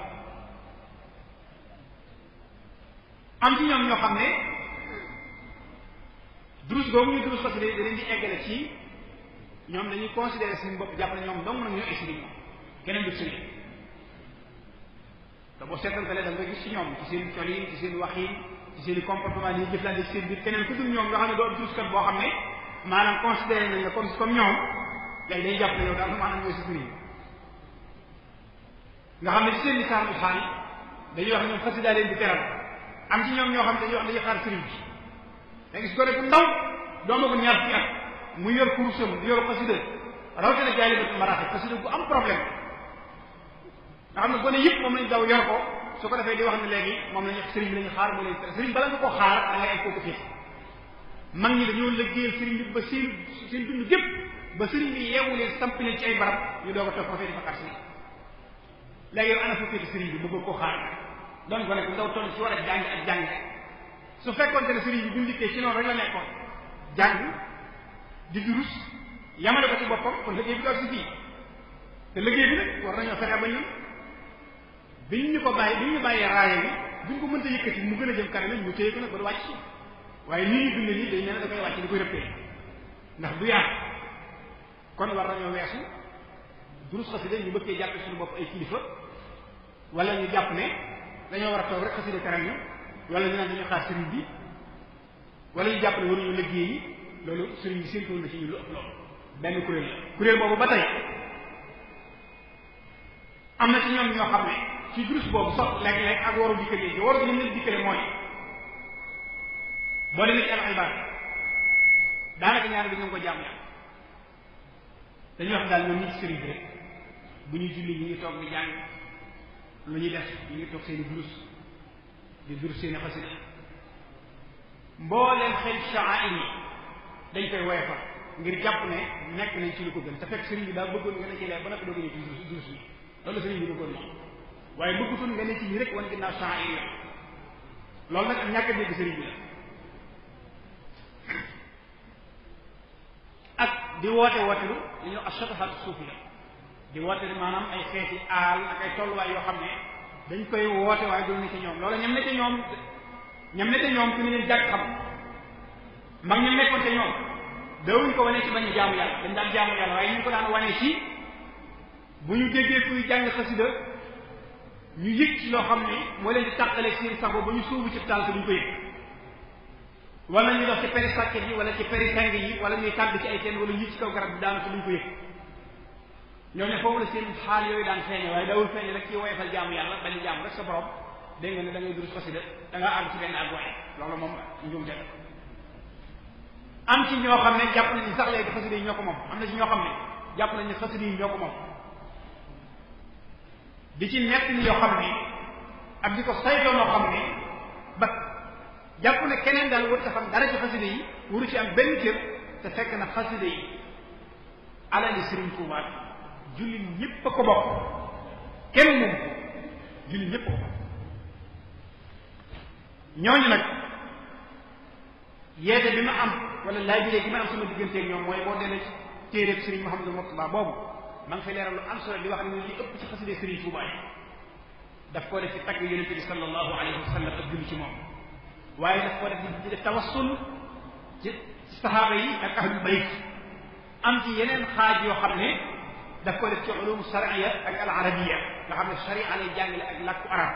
A: am ci ñoom ñoo xam ne durus boobu ñuy durus xasida yi da leen di eggale ci ñoom dañuy considéré seen bopp jàpp ne ñoom dong nag ñoo estimé moom keneen du si te boo seetantalee da nga gis ci ñoom ci seen colin ci seen wax yi ci seen i comportement yi jëflante ci seen biir keneen ku dul ñoom nga xam ne doo am duruskat boo xam ne maanaam considéré nañ la comme comme ñoom léegi day jàpp ne yow daal maanaam ñoo si sëriñ nga xam ne ci seen lisaanu xaal dañuy wax ñoom xasida leen di teral am ci ñoom ñoo xam ne dañuy wax dañuy xaar sëriñ bi nga gis gone bu ndaw doomagul ñaar fukki at mu yor kurusam di yor xasida rawatina bu am problème nga xam ne gone yëpp moom daw yor ko su ko defee di wax ne léegi moom lañu sëriñ bi lañu xaar moo leen ko xaar fii mag ñi dañoo liggéeyal bi ba seen seen dund gépp ba sëriñ bi yeewu leen ci ay barab ñu doog a toog fafee di xaar sëriñ léegi yow ana fa féete sëriñ bi bëgg koo xaar doon gone bu ndaw toll ci war a jàng ak jàng su fekkoonte ne sëriñ bi bi mu dikkee ci noonu rek la nekkoon jàng di durus yamale ko ci boppam kon liggéey bi daal si fii te liggéey bi nag war nañoo fexe ba ñun biñ ñu ko bàyyi biñ ñu bàyyee raaya bi buñ ko mënta yëkkati mu gën a jëm kanam ñu téye ko nag ba du wàcc waaye nii ñu dundee nii dañ mel ne da koy wàcc di koy rëppee ndax du yaatu kon war nañoo weesu durus xasida ñu bëggee jàpp suñu bopp ay kilifa wala ñu jàpp ne dañoo war a toog rek xasida teral ñu wala ñu naan dañuy xaar sëriñ bi wala ñu jàpp ne waruñu liggéey yi loolu sëriñ bi séntu na ci ñu loolu benn kuréel la kuréel boobu ba tey am na ci ñoom ñoo xam ne ci durus boobu sax léeg-léeg ak waru dikkale yi waru ñu leen dikkale mooy boo demee ci al daanaka ñaari bi ñu ngi ko jàmm dañuy wax daal ñoom ñu sëriñ bi rek bu ñuy julli ñu ngi toog di jàng lu ñuy def ñu ngi toog seen i di dur seeni xasida mbooleem xel sha'air yi dañ koy woyofal ngir jàpp ne nekk nañ ci li ko gën te fekk sëriñ bi daa bëggoon nga ne ci leer ba noppi doo ko ñëw ci dur loolu na waaye bëggutoon nga ne yi loolu nag ak ñàkk a dégg sëriñ bi la ak di woote wootelu li ñuy wax ashabahat suufiya di woote maanaam ay xeeti aal ak ay tolluwaay yoo xam ne dañ koy woote waaye dul ne ci ñoom loola ñam ne ci ñoom ñam ne ci ñoom ku ñu leen jàkk xam mag ñam nekkoon ci ñoom dawuñ ko wane ci bañ jaamu yàlla dañ daan jaamu yàlla waaye ñu ko daan wane ci bu ñu jegee kuy jàng xasida ñu yëg ci loo xam ne moo leen di tàqale seen sago ba ñu suubu ci taal ñu ko yëg wala ñu dox ci péri sàkket yi wala ci péri yi wala ñuy tàdd ci ay teen wala ñu ci kaw garab bi daanaka duñ ko yëg ñooñu foofu la seen xaal yooyu daan feeñe waaye dawul feeñe rek ci woyofal jaamu yàlla bañ jaamu rek sa borom dégg nga ne da ngay durus xasida da nga àgg ci benn ak waaye loolu moom njuumte la am ci ñoo xam ne jàpp nañu sax léegi xasida yi ñoo ko moom am na ci ñoo xam ne jàpp nañu xasida yi ñoo ko moom di ci nekk ni yoo xam ne ak di ko saytoo noo xam ne ba jàpp ne keneen daal wut xam dara ci xasida yi wuru ci am benn cër te fekk na xasida yi alali Sëriñ Touba jullit ñëpp ko bokk kenn moom ko jullit ñëpp ko bokk ñooñu nag yeete bi ma am wala laaj bi ma am sama digganteeg ñoom mooy boo demee ci téeréb Serigne Mouhamadou Mourtada boobu ma ngi fay leeral lu am solo di wax ne li ëpp ci xaside Serigne Touba yi daf koo def ci tagg yonente bi sallallahu alayhi wa sallam ak julli ci moom waaye daf koo def di def tawassul ci saxaaba yi ak ahlul bayt am ci yeneen xaaj yoo xam ne daf ko def ci ulum sharia ak al arabia nga xam ne sharia lay jàngale ak làkku arab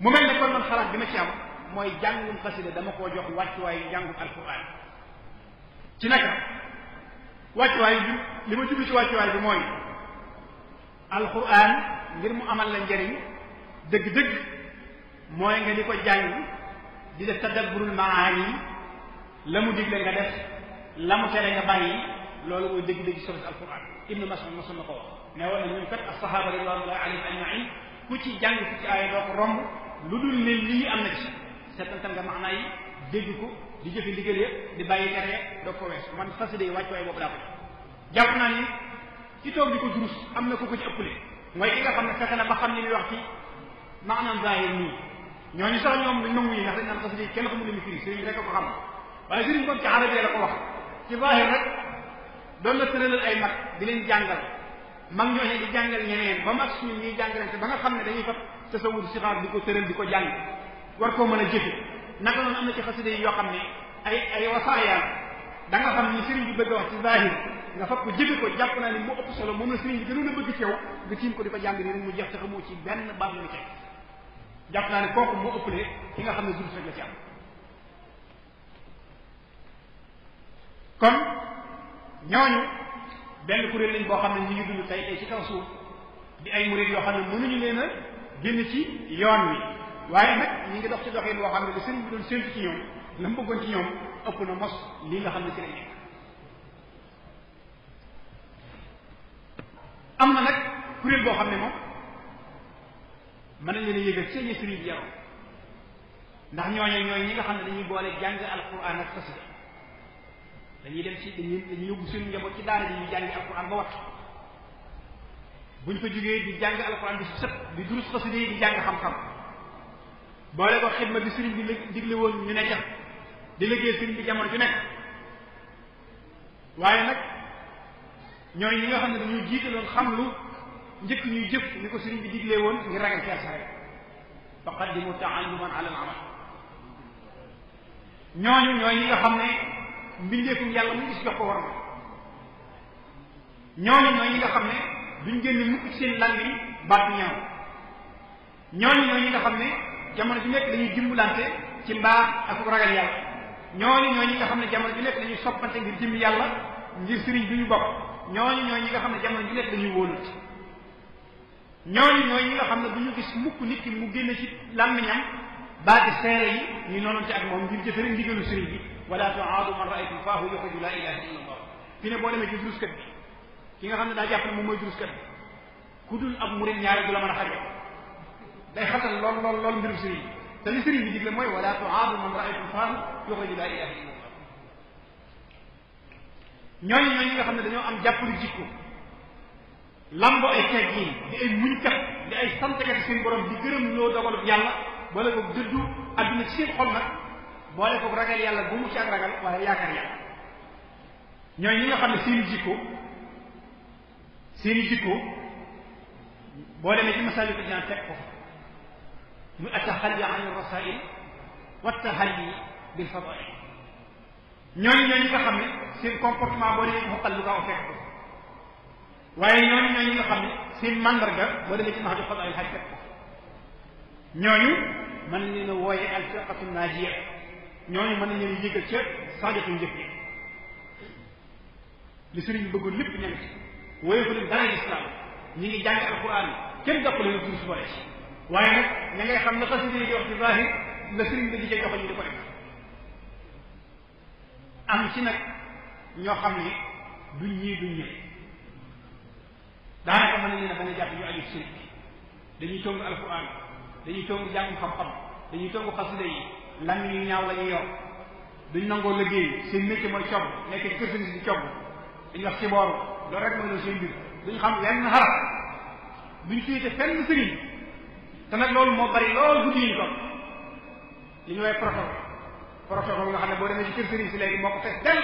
A: mu mel ne kon man xalaat bi ma ci am mooy jàngum xasida dama koo jox wàccuwaayu jàngum alquran ci naka wàccuwaay bi li ma jublu ci wàccuwaay bi mooy alquran ngir mu amal la njëriñ dëgg-dëgg mooy nga di ko jàng di def tadabburul maani la mu digle nga def la mu tere nga bàyyi loolu mooy dëgg-dëgg solos alquran ibnu mas'ud mosoon na ko wax ne woon na ñun kat ak sahaaba ridwanullahi alayhim ajmain ku ci jàng ku ci aaya doo ko romb lu dul ne lii am na ci seetantal nga maanaa yi dégg ko di jëfe ndigal ya di bàyyi tere doo ko wees man xasida yi wàcc waaye boobu daa ko jàpp naa ni ci toog di ko durus am na ku ko ci ëppale mooy ki nga xam ne fexe na ba xam ni muy wax ci maanaam zahir nii ñooñu sax ñoom dañ nangu yi ndax dañ naan xasida yi kenn xamul lu mu firi sëriñ rek ko xam waaye sëriñ boobu ci arabee la ko wax ci zahir rek doon la tëralal ay mag di leen jàngal mag ñooñu di jàngal ñeneen ba mag suñu ñuy jàngalante ba nga xam ne dañuy fab si sixaar di ko tëral di ko jàng war koo mën a jëfe naka noonu am na ci xasida yi yoo xam ne ay ay wasaaya da nga xam ni sëriñ bi bëgg a wax ci zahir nga fab ko jëfe ko jàpp naa ni mu ëpp solo moom la sëriñ bi gënoon a bëgg ci yow nga tiim ko di ko jàng nii rek mu jeex te xamoo ci benn baat lu ci jàpp naa ne kooku moo ëppale ki nga xam ne dul rek la ñooñu benn kuréel lañ boo xam ne ñu ngi dund tey tey ci kaw suuf di ay murid yoo xam ne mënuñu leen a génn ci yoon wi waaye nag ñi ngi dox ci doxin boo xam ne li sëriñ bi doon séntu ci ñoom la mu bëggoon ci ñoom ëpp na mos lii nga xam ne ci lañ am na nag kuréel boo xam ne moom mën nañ leen a yëgal seeni sëriñ bi yaroon ndax ñooñu ñooy ñi nga xam ne dañuy boole jàng alquran ak xasida dañuy dem ci dañuy dañuy yóbbu suñu njaboot ci daara ji ñu jàngi alquran ba wattu buñ fa jógee di jàng alquran bi su sët di durus xasida yi di jàng xam boo la ko xidma bi sëriñ bi digle woon ñu ne ca di liggéey sëriñ bi jamono ju nekk waaye nag nga xam ne dañuy jiitaloon xam njëkk ñuy jëf ni ko sëriñ bi diglee woon ngir ragal ci asare faqaddimu ta'alluman ala ñooñu ñooy ñi xam ne mbindeefum yàlla mu gis jox ko war ma ñooñu ñooy ñi nga xam ne duñ génn mukk ci seen làmmiñ baat ñaaw ñooñu ñooy ñi nga xam ne jamono ju nekk dañuy dimbalante ci mbaax ak ragal yàlla ñooñu ñooy ñi nga xam ne jamono ji nekk dañuy soppante ngir jëm yàlla ngir sëriñ bi ñu bokk ñooñu ñooy ñi nga xam ne jamono ji nekk dañuy wóolante ñooñu ñooy ñi nga xam ne du ñu gis mukk nit ki mu génn ci làmmiñam baati seere yi ñuy noonu ci ak moom ngir jëfe ndigalu sëriñ wala tuaadu man raaytum faahu yuxriju laa ilaha illa allah fi ne boo demee ci duruskat bi ki nga xam ne daa jàpp ne moom mooy duruskat bi ku dul ab murid ñaari du la mën a xajal day xatal lool lool lool mbirum sëriñ bi te li sëriñ bi digle mooy wala tuaadu man raaytum faahu yuxriju laa ilaha illa allah ñooñu ñooñu nga xam ne dañoo am jàppali jikko lambo ay teggin di ay muñkat di ay santkat seen borom di gërëm loo dogalub yàlla wala boog dëddu adduna ci seen xol nag boole ko ragal yàlla bu mu ci ak ragal wala yaakaar yàlla ñooy ñi nga xam ne seen jikko seen jikko boo demee ci masaliku dina teg ko muy attaxalli an rasail wa wattahalli bil fadail ñooñu ñooñu nga xam ne seen comportement boo demee ci xoqal lu ko fekk ko waaye ñooñu ñooñu nga xam ne seen mandarga boo demee ci maxaju fadail xaj fekk ko ñooñu man ñu a al alfirqatu naajiya ñooñu mën nañ leen yéegal ca saadiq yu njëkk yi li sëriñ bëggoon lépp ña ngi ci wooye ko leen dara lislaam ñi ngi jàng alquran kenn dopp leen dur su bare waaye nag ña ngay xam na xasida yi di wax ci zahir la sëriñ bi di ca joxal ñu ko def am ci nag ñoo xam ne duñ ñii duñ ñëw daanaka mën na leen a bañ a jàpp ñu aju sëriñ bi dañuy tongu alquran dañuy tongu jàngum xam-xam dañuy tongu xasida yi lan yu ñaaw la ñuy yor duñ nangoo liggéey seen métier mooy cob nekk ci kër service bi cob dañuy wax ci booru loolu rek mooy doon xam lenn xarab duñ féete fenn sëriñ te nag loolu moo bari lool guddi yi ñu toog li ñu woowee xam ne boo demee ci kër sëriñ si léegi moo ko fees dell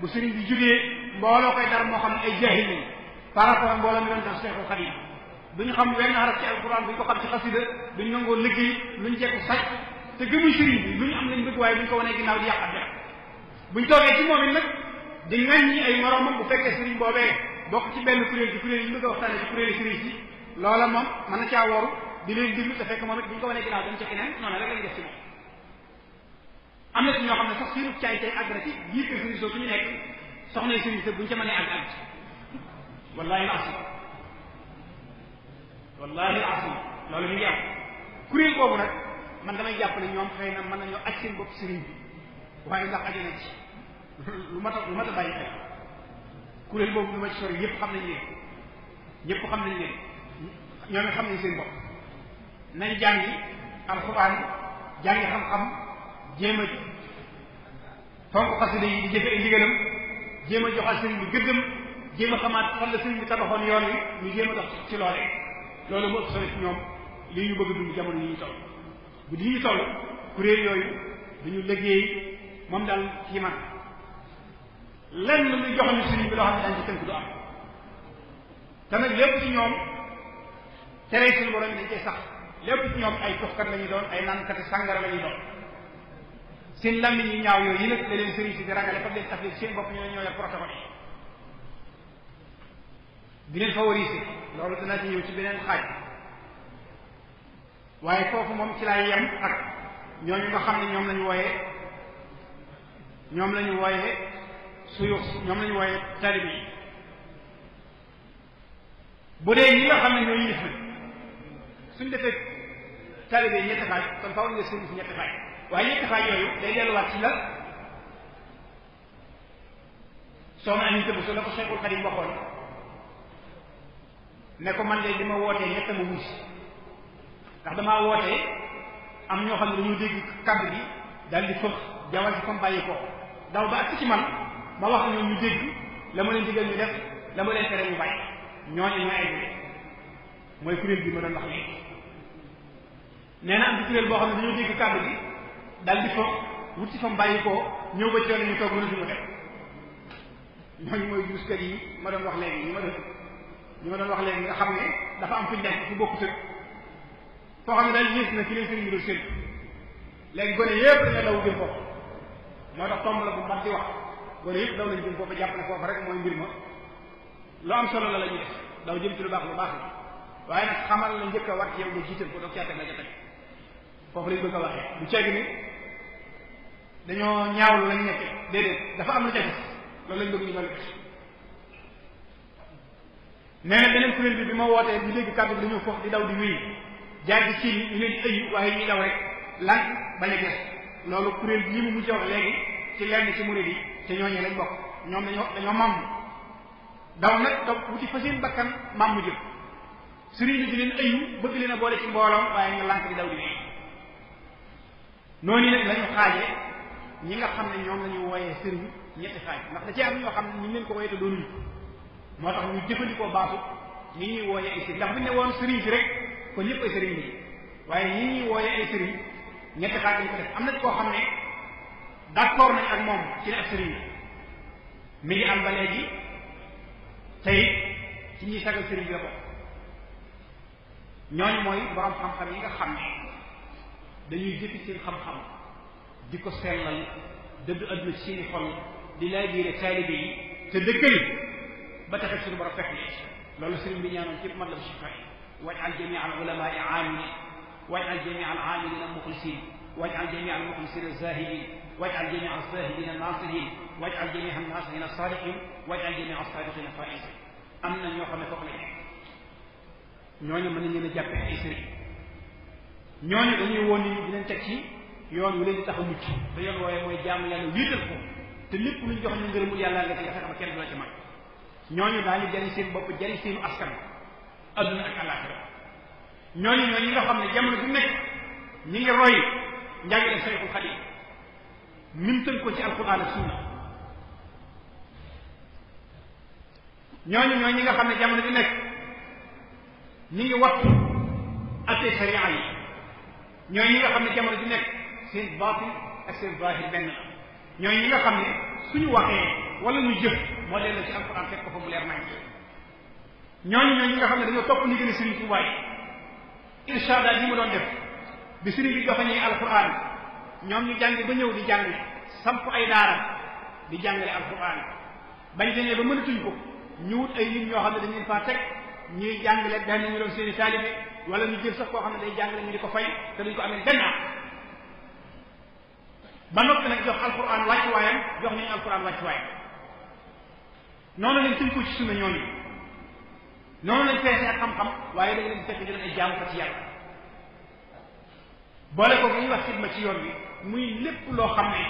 A: bu sëriñ bi jógee mbooloo koy moo xam ne ay jaahil lañ par rapport ak mbooloo mi doon tax Seexul Xadiim xam wenn xarab ci alquran duñ ko xam ci xasida duñ nangoo liggéey luñ jekku sàcc te gëmuñ sëriñ bi lu ñu am lañ bëgg waaye buñ ko wanee ginnaaw di yàqat def buñ toogee ci moom it nag di ngañ ñi ay moromam bu fekkee sëriñ boobee bokk ci benn kuréel ci kuréel yi a waxtaane ci kuréel sëriñ si loola moom mën na caa wooru di leen diglu te fekk moom it buñ ko wanee ginnaaw dem ci keneen noonu rek lañ def ci moom am na ci ñoo xam ne sax seenu caay tey àgg na ci biir kër soo su ñu nekk soxna si bu buñ ca mënee àgg àgg ci wallaahi asim wallaahi asim loolu mi man damay jàpp ne ñoom xëy na mën nañoo ak seen bopp sëriñ bi waaye ndax aju na ci lu mat a lu mat a bàyyi xel kuréel boobu lu ma ci sori ñëpp xam nañ leen ñëpp xam ne leen ñoom xam nañ seen bopp nañ jàngi alxuraan jàngi xam-xam jéem a fonk yi di jëfe ndigalam a joxal sëriñ bi gëddam jéem a xamaat fan la sëriñ bi tabaxoon yoon wi ñu jéem a dox ci loole loolu moo ëpp solo ci ñoom lii ñu bëgg dund jamono yi ñu toll bu di ñuy toll kuréel yooyu duñu liggéey moom daal kii man lenn luy jox ñu sëriñ bi loo xam ne dañ ci tënk du am te nag lépp ci ñoom tere suñu ñoom ay tuxkat la ñu ay naankati sàngara la ñu doon seen yi ñaaw yooyu yi seen bopp ñu ne ñoo yor protocole yi di leen favoriser loolu danaa ci ñëw ci beneen xaaj waye fofu mom ci lay yam ak ñoo ñu xamni ñom lañu woyé ñom lañu woyé suyux ñom lañu woyé talibi bu dé yi nga xamni ne yiss suñu defé talibi yi ñetti xaaj kon faaw ñu suñu fi ñetti waye waaye ñetti yoyu day delu wat ci la soxna añu tebu su la ko Cheikhul Khadim waxoon ne ko man de dima woté wootee ñett ma wuusi ndax damaa woote am ñoo xam ne dañoo dégg kàddu gi daal di fëx jawal ci comme bàyyi ko daw ba ak ci man ma wax ñoom ñu dégg la ma leen digal ñu def la ma leen tere ñu bàyyi ñooñu ñooy ay mooy kuréel bi ma doon wax léegi nee na am ci kuréel boo xam ne dañoo dégg kàddu gi daal di fëx wut ci fa mu bàyyi ko ñëw ba ci yoon ñu toog mën a fi mu mooy juus kër yi ma doon wax léegi ñu ma doon ñu ma doon wax léegi nga xam ne dafa am fuñ nekk fu bokkut foo xam ne daal yées na ci leen sëriñ bi dul sëriñ léegi gone yëpp dañoo daw jëm foofu moo tax tomb la bu mbat wax gone yëpp daw nañ jëm foofu jàpp foofu rek mooy mbir ma lu am solo la la ñuy def daw waaye nag xamal la njëkk a ko doog foofu lañ bëgg a waxee bu dañoo ñaawlu lañ nekkee déedéet dafa am lu ca loolu lañ bëgg ñu dolli ko ci na beneen kuréel bi bi ma wootee di dégg kàddu bi dañoo foofu di daw di wéy jaar ci kii ñu leen ëyu waaye ñuy daw rek lan bañ a ges loolu kuréel gii mu mujj wax léegi ci leen ci murid yi te ñooñu lañ ñoom dañoo dañoo màmm daw nag topp wuti fa seen bakkan màmm jël bi di leen ëyu bëgg leen a boole ci mbooloom waaye noonu nag la ñu nga xam ne ñoom la ñu wooyee sëriñ ñetti xaaj ndax da ci am ñoo xam ne ñu leen ko wooyee te doonuñu moo tax ñu jëfandikoo baatu ñu ñuy wooyee ay sëriñ ndax bu ñu ne woon sëriñ si rek ko ñëpp ay sëriñ lañu waaye ñi ñuy wooye ay sëriñ ñetti xaar ñu ko def amna ko xamné d'accord nañ ak mom ci ne ab sëriñ mi ngi am ba légui tay ci ñi sagal sëriñ yo la bokk moy borom xam-xam yi nga xamné dañuy jëf ci xam-xam diko ko sellal dëddu adduna ci ñi xol di lay biire talibé yi te dëkkal ba taxé suñu borom fekk ni lolu sëriñ bi ñaanoon ci man la bi si واجعل جميع العلماء عاملين واجعل جميع العاملين مخلصين واجعل جميع المخلصين الزاهدين واجعل جميع الزاهدين الناصرين واجعل جميع الناصرين الصالحين واجعل جميع الصادقين الفائزين am na ñoo xam ne foofu la ñu ñooñu mën nañ leen a jàppee ay sëriñ ñooñu dañuy woon ni dinañ teg ci yoon wu leen di tax a mucc te yoon wooye mooy jaamu yàlla wiital ko te lépp lu ñu jox ñu ngërëmul yàlla nga ci nga fexe ba kenn du la ci mag ñooñu daañu jëriñ seen bopp jëriñ seenu askan
B: adduna ak àllaaxira
A: ñooñu ñooñu nga xam ne jamono bu nekk ñi ngi roy njàngale Sayxul Xadiim nim tënk ko ci alquran ak sunna ñooñu ñooñu nga xam ne jamono bi nekk ñi ngi wattu atte sharia yi ñooñu ñi nga xam ne jamono bi nekk seen baatin ak seen zaahir benn la ñooñu ñi nga xam ne suñu waxee wala ñu jëf moo leen la ci alquran fekk ko fa mu leer ñooñu ñooñu nga xam ne dañoo topp liggéey Serigne Touba yi irshada yi ma doon def bi Serigne bi joxañee alquran ñoom ñu jàng ba ñëw di jàng samp ay daara di jàngale alquran bañ demee ba mënatuñ ko ñu wut ay nit ñoo xam ne dañ leen faa teg ñuy jàngale benn ñu doon seen i taalibe wala ñu jël sax koo xam ne day jàngale ñu di ko fay te duñ ko amee benn ba noppi nag jox alquran wàccuwaayam jox nañu alquran wàccuwaayam noonu lañ tënk ko ci sunna ñooñu noonu lañ fexe ak xam-xam waaye dañ leen fekk ñu leen ay jaamu ko ci yàlla boole ko bu ñuy wax ma ci yoon bi muy lépp loo xam ne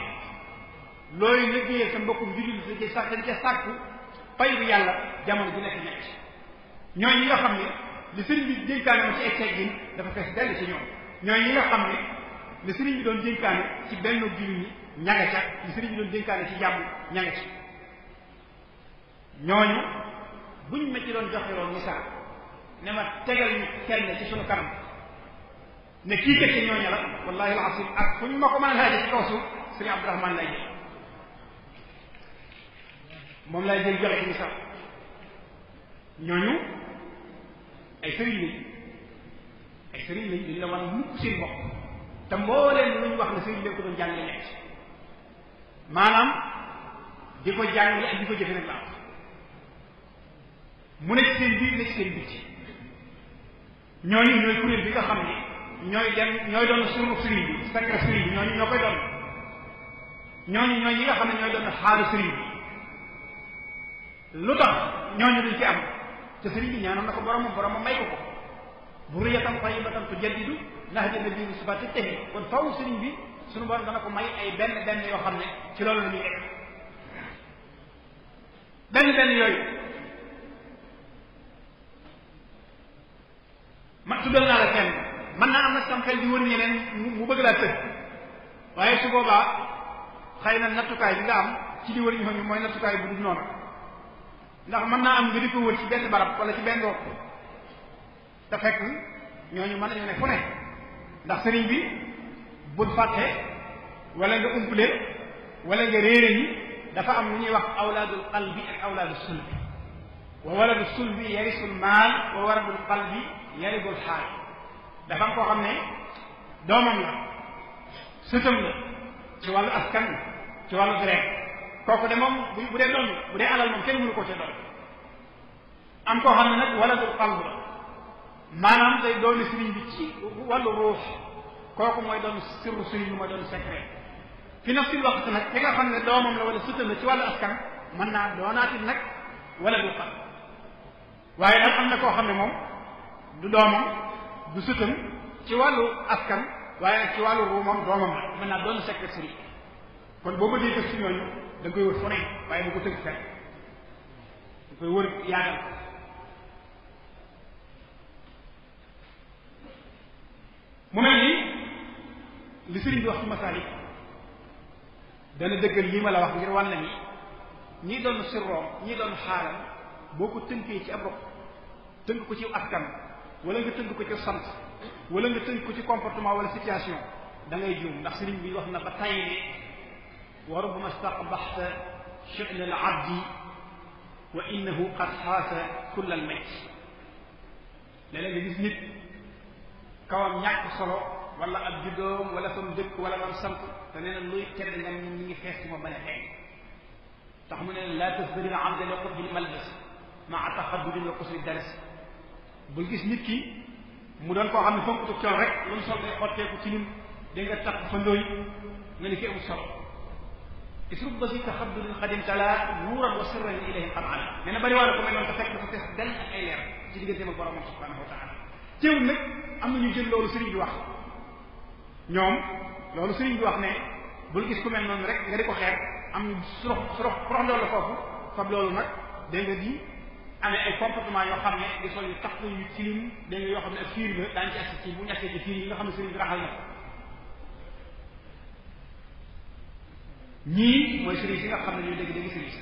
A: looy liggéeyal sa mbokkum jullit dañ cee sax dañ cee pay bu yàlla jamono ju nekk ñett nga xam ne li sëriñ bi dénkaane ma ci ay teggin dafa fees dell ci ñoom ñooy ñi nga xam ne li sëriñ bi doon dénkaane ci benn jullit ñi ca li sëriñ bi doon dénkaane ci jàmm ña ca ñooñu buñ ma ci doon joxe woon misaal ne ma tegal ñu kenn ci suñu kanam ne kii kat ci ñooñu la wallahi alasim ak fu ñu ma ko mën a laajee ci kaw suuf sëriñ Abdourahmane lay jël moom lay jël joxe ci misaal ñooñu ay sëriñ lañ ay sëriñ lañ dañ la war mukk seen bopp te mbooleen lu ñu wax ne sëriñ lañ ko doon jàngale nekk maanaam di ko jàngale ak di ko jëfe nag la mu nekk seen biir nekk seen bitti ñooñu ñooy kuréel bi nga xam ne ñooy dem ñooy doon suñu sëriñ bi secret sëriñ bi ñooñu ñoo koy doon ñooñu ñooy ñi xam ne ñooy doon xaalu sëriñ bi lu tax ñooñu duñ ci am te sëriñ bi ñaanoon na ko boromam boromam may ko ko bu rëyatam tayyibatan tujaddidu nahja nabi bi suba te texe kon faw bi suñu borom dana ko may ay benn benn yoo xam ne ci loolu la ñuy benn benn yooyu man tuddal naa la kenn mën naa am nag sam xel di wër ñeneen mu bëgg laa tëj waaye su boobaa xëy na nattukaay bi nga am ci di wër ñooñu mooy nattukaay bu dul noonu ndax mën naa am nga di ko wër ci benn barab wala ci benn gox te fekk ñooñu mën nañu ne fu ne ndax sëriñ bi bul fàtte wala nga umpule wala nga réere yi dafa am lu ñuy wax awlaadul qalbi ak awlaadul sulbi wa waladul sulbi yarisul maal wa waladul qalbi yaribul xaal dafa am koo xam ne la sëtam la ci walu askan ci wàllu deret kooku de mom bu bu dee doon bu de alal mom kenn mënu ko ci dor am ko xamne nak wala du qalb la manam day doon sëriñ bi ci wàllu ruux kooku moy don sirru sëriñ bi don secret fi nafsil waxtu nak ki nga xamne domam la wala sëtam la ci walu askan man na donati nak wala du qalb waye nak amna ko xamne mom lu doomam du sëtam ci wàllu askan waaye ci wàllu ruumam doomam la mën naa doon secret sëriñ kon boo bëggee gëstu ñooñu da koy wër fu waaye bu ko tënk fenn da koy wër bi wax ci masaalik dana dëggal lii ma ci ab tënk ko ci askan wala nga tënk ko ci sant wala nga tënk ko ci comportement wala situation da ngay juum ndax serigne bi wax na ba tay ni wa rubbama istaqbaxta shi'l al abdi wa innahu qad xaasa kull al mayt la la gis nit kawam ñak solo wala ak jidom wala sam dëkk wala lam sant te neena luy tedd ngam ñi ngi xex ci ma bañ xex tax mu ne la tasbiri al abda li qubhi al malbas maa taxaddudin wa qusri daras ba gis nit ki mu doon koo xam ne fonk tub coow rek lu mu sol day xotteeku ci nim da nga takk fa ndóoy nga ni ki amul solo isrub basika xabdulil xadim tala nuuran wa sirran ilayhi xamaa nee na bari waa na ko mel noonu te fekk dafa fees dell ak ay leer ci digganteem ak boromam subhanahu wa taala teew nag am na ñu jël loolu sëriñ bi wax loolu sëriñ bi wax ne bul gis ku mel rek nga di ko xeer am surux surux surux ndool la foofu fab loolu nag dégg nga di ay comportement yoo xam yoo xam ne ak fiir la daañu ci agsi ci bu na ñii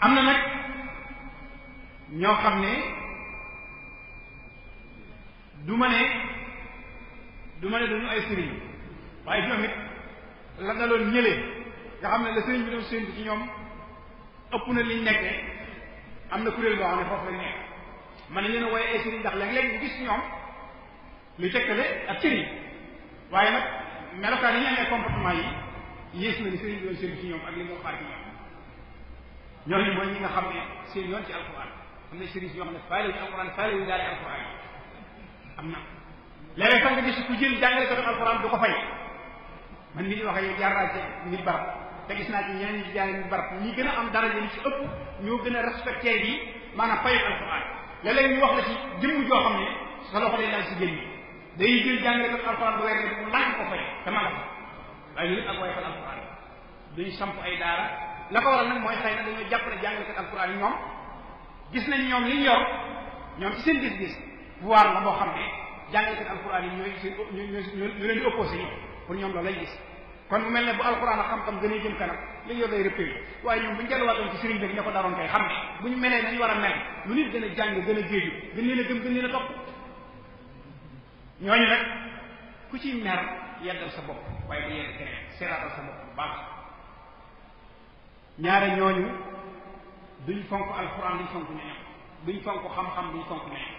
A: am na nag ñoo xam ne du ma ne du ma ay sëriñ waaye ñoom it la daloon ñëlee nga xam ne la sëriñ bi doon séntu ci ñoom ëpp na liñ nekkee am na kuréel boo xam ne foofu lañ man mën nañu leen wooye ay sëriñ ndax léeg-léeg bu gis ñoom luy tekkale ak sëriñ waaye nag melokaan yi ñu amee comportement yi yées nañu sëriñ doon sëriñ ci ñoom ak li mu xaar ci ñoom ñooñu mooy ñi nga xam ne seen yoon ci alquran am na sëriñ yoo xam ne faale wuñu alquran faale wuñu daal alquran am na léeg-léeg sax nga gis ku jël jàngale ko def alquran du ko fay man ni ñu waxee jaar naa ci te gis naa ci ñeneen ñi jàng ñu ñi gën a am daraja li ci ëpp ñoo gën a respecté yi maanaam fayal alquran léeg-léeg ñu wax la ci jëmm joo xam ne sa loxo day laal si génn day jël jàngalekat alquran bu weer ne mu laaj ko fay dama la waaye ñu ak waaye fan alquran duñ samp ay daara la ko waral nag mooy xëy na dañoo jàpp ne jàngalekat alquran ñoom gis nañ ñoom liñ yor ñoom ci seen gis-gis pouvoir la boo xam ne jàngalekat alquran yi ñooy seen ñooy ñooy leen di opposé pour ñoom loolu lay gis kon mu mel ne bu alxuraan ak xam-xam gën a jëm kanam lañ yor day rëppee waaye ñoom bu ñu delluwaatoon ci sëriñ bi ña ko daroon kay xam bu ñu melee nañu war a mel lu nit gën a jàng gën a géeju gën leen a gëm gën a topp ci mer sa bopp waaye bu yedd keneen seeraatal sa bopp ñaare ñooñu duñ fonk alxuraan duñ fonk ñeneen duñ fonk xam-xam duñ fonk ñeneen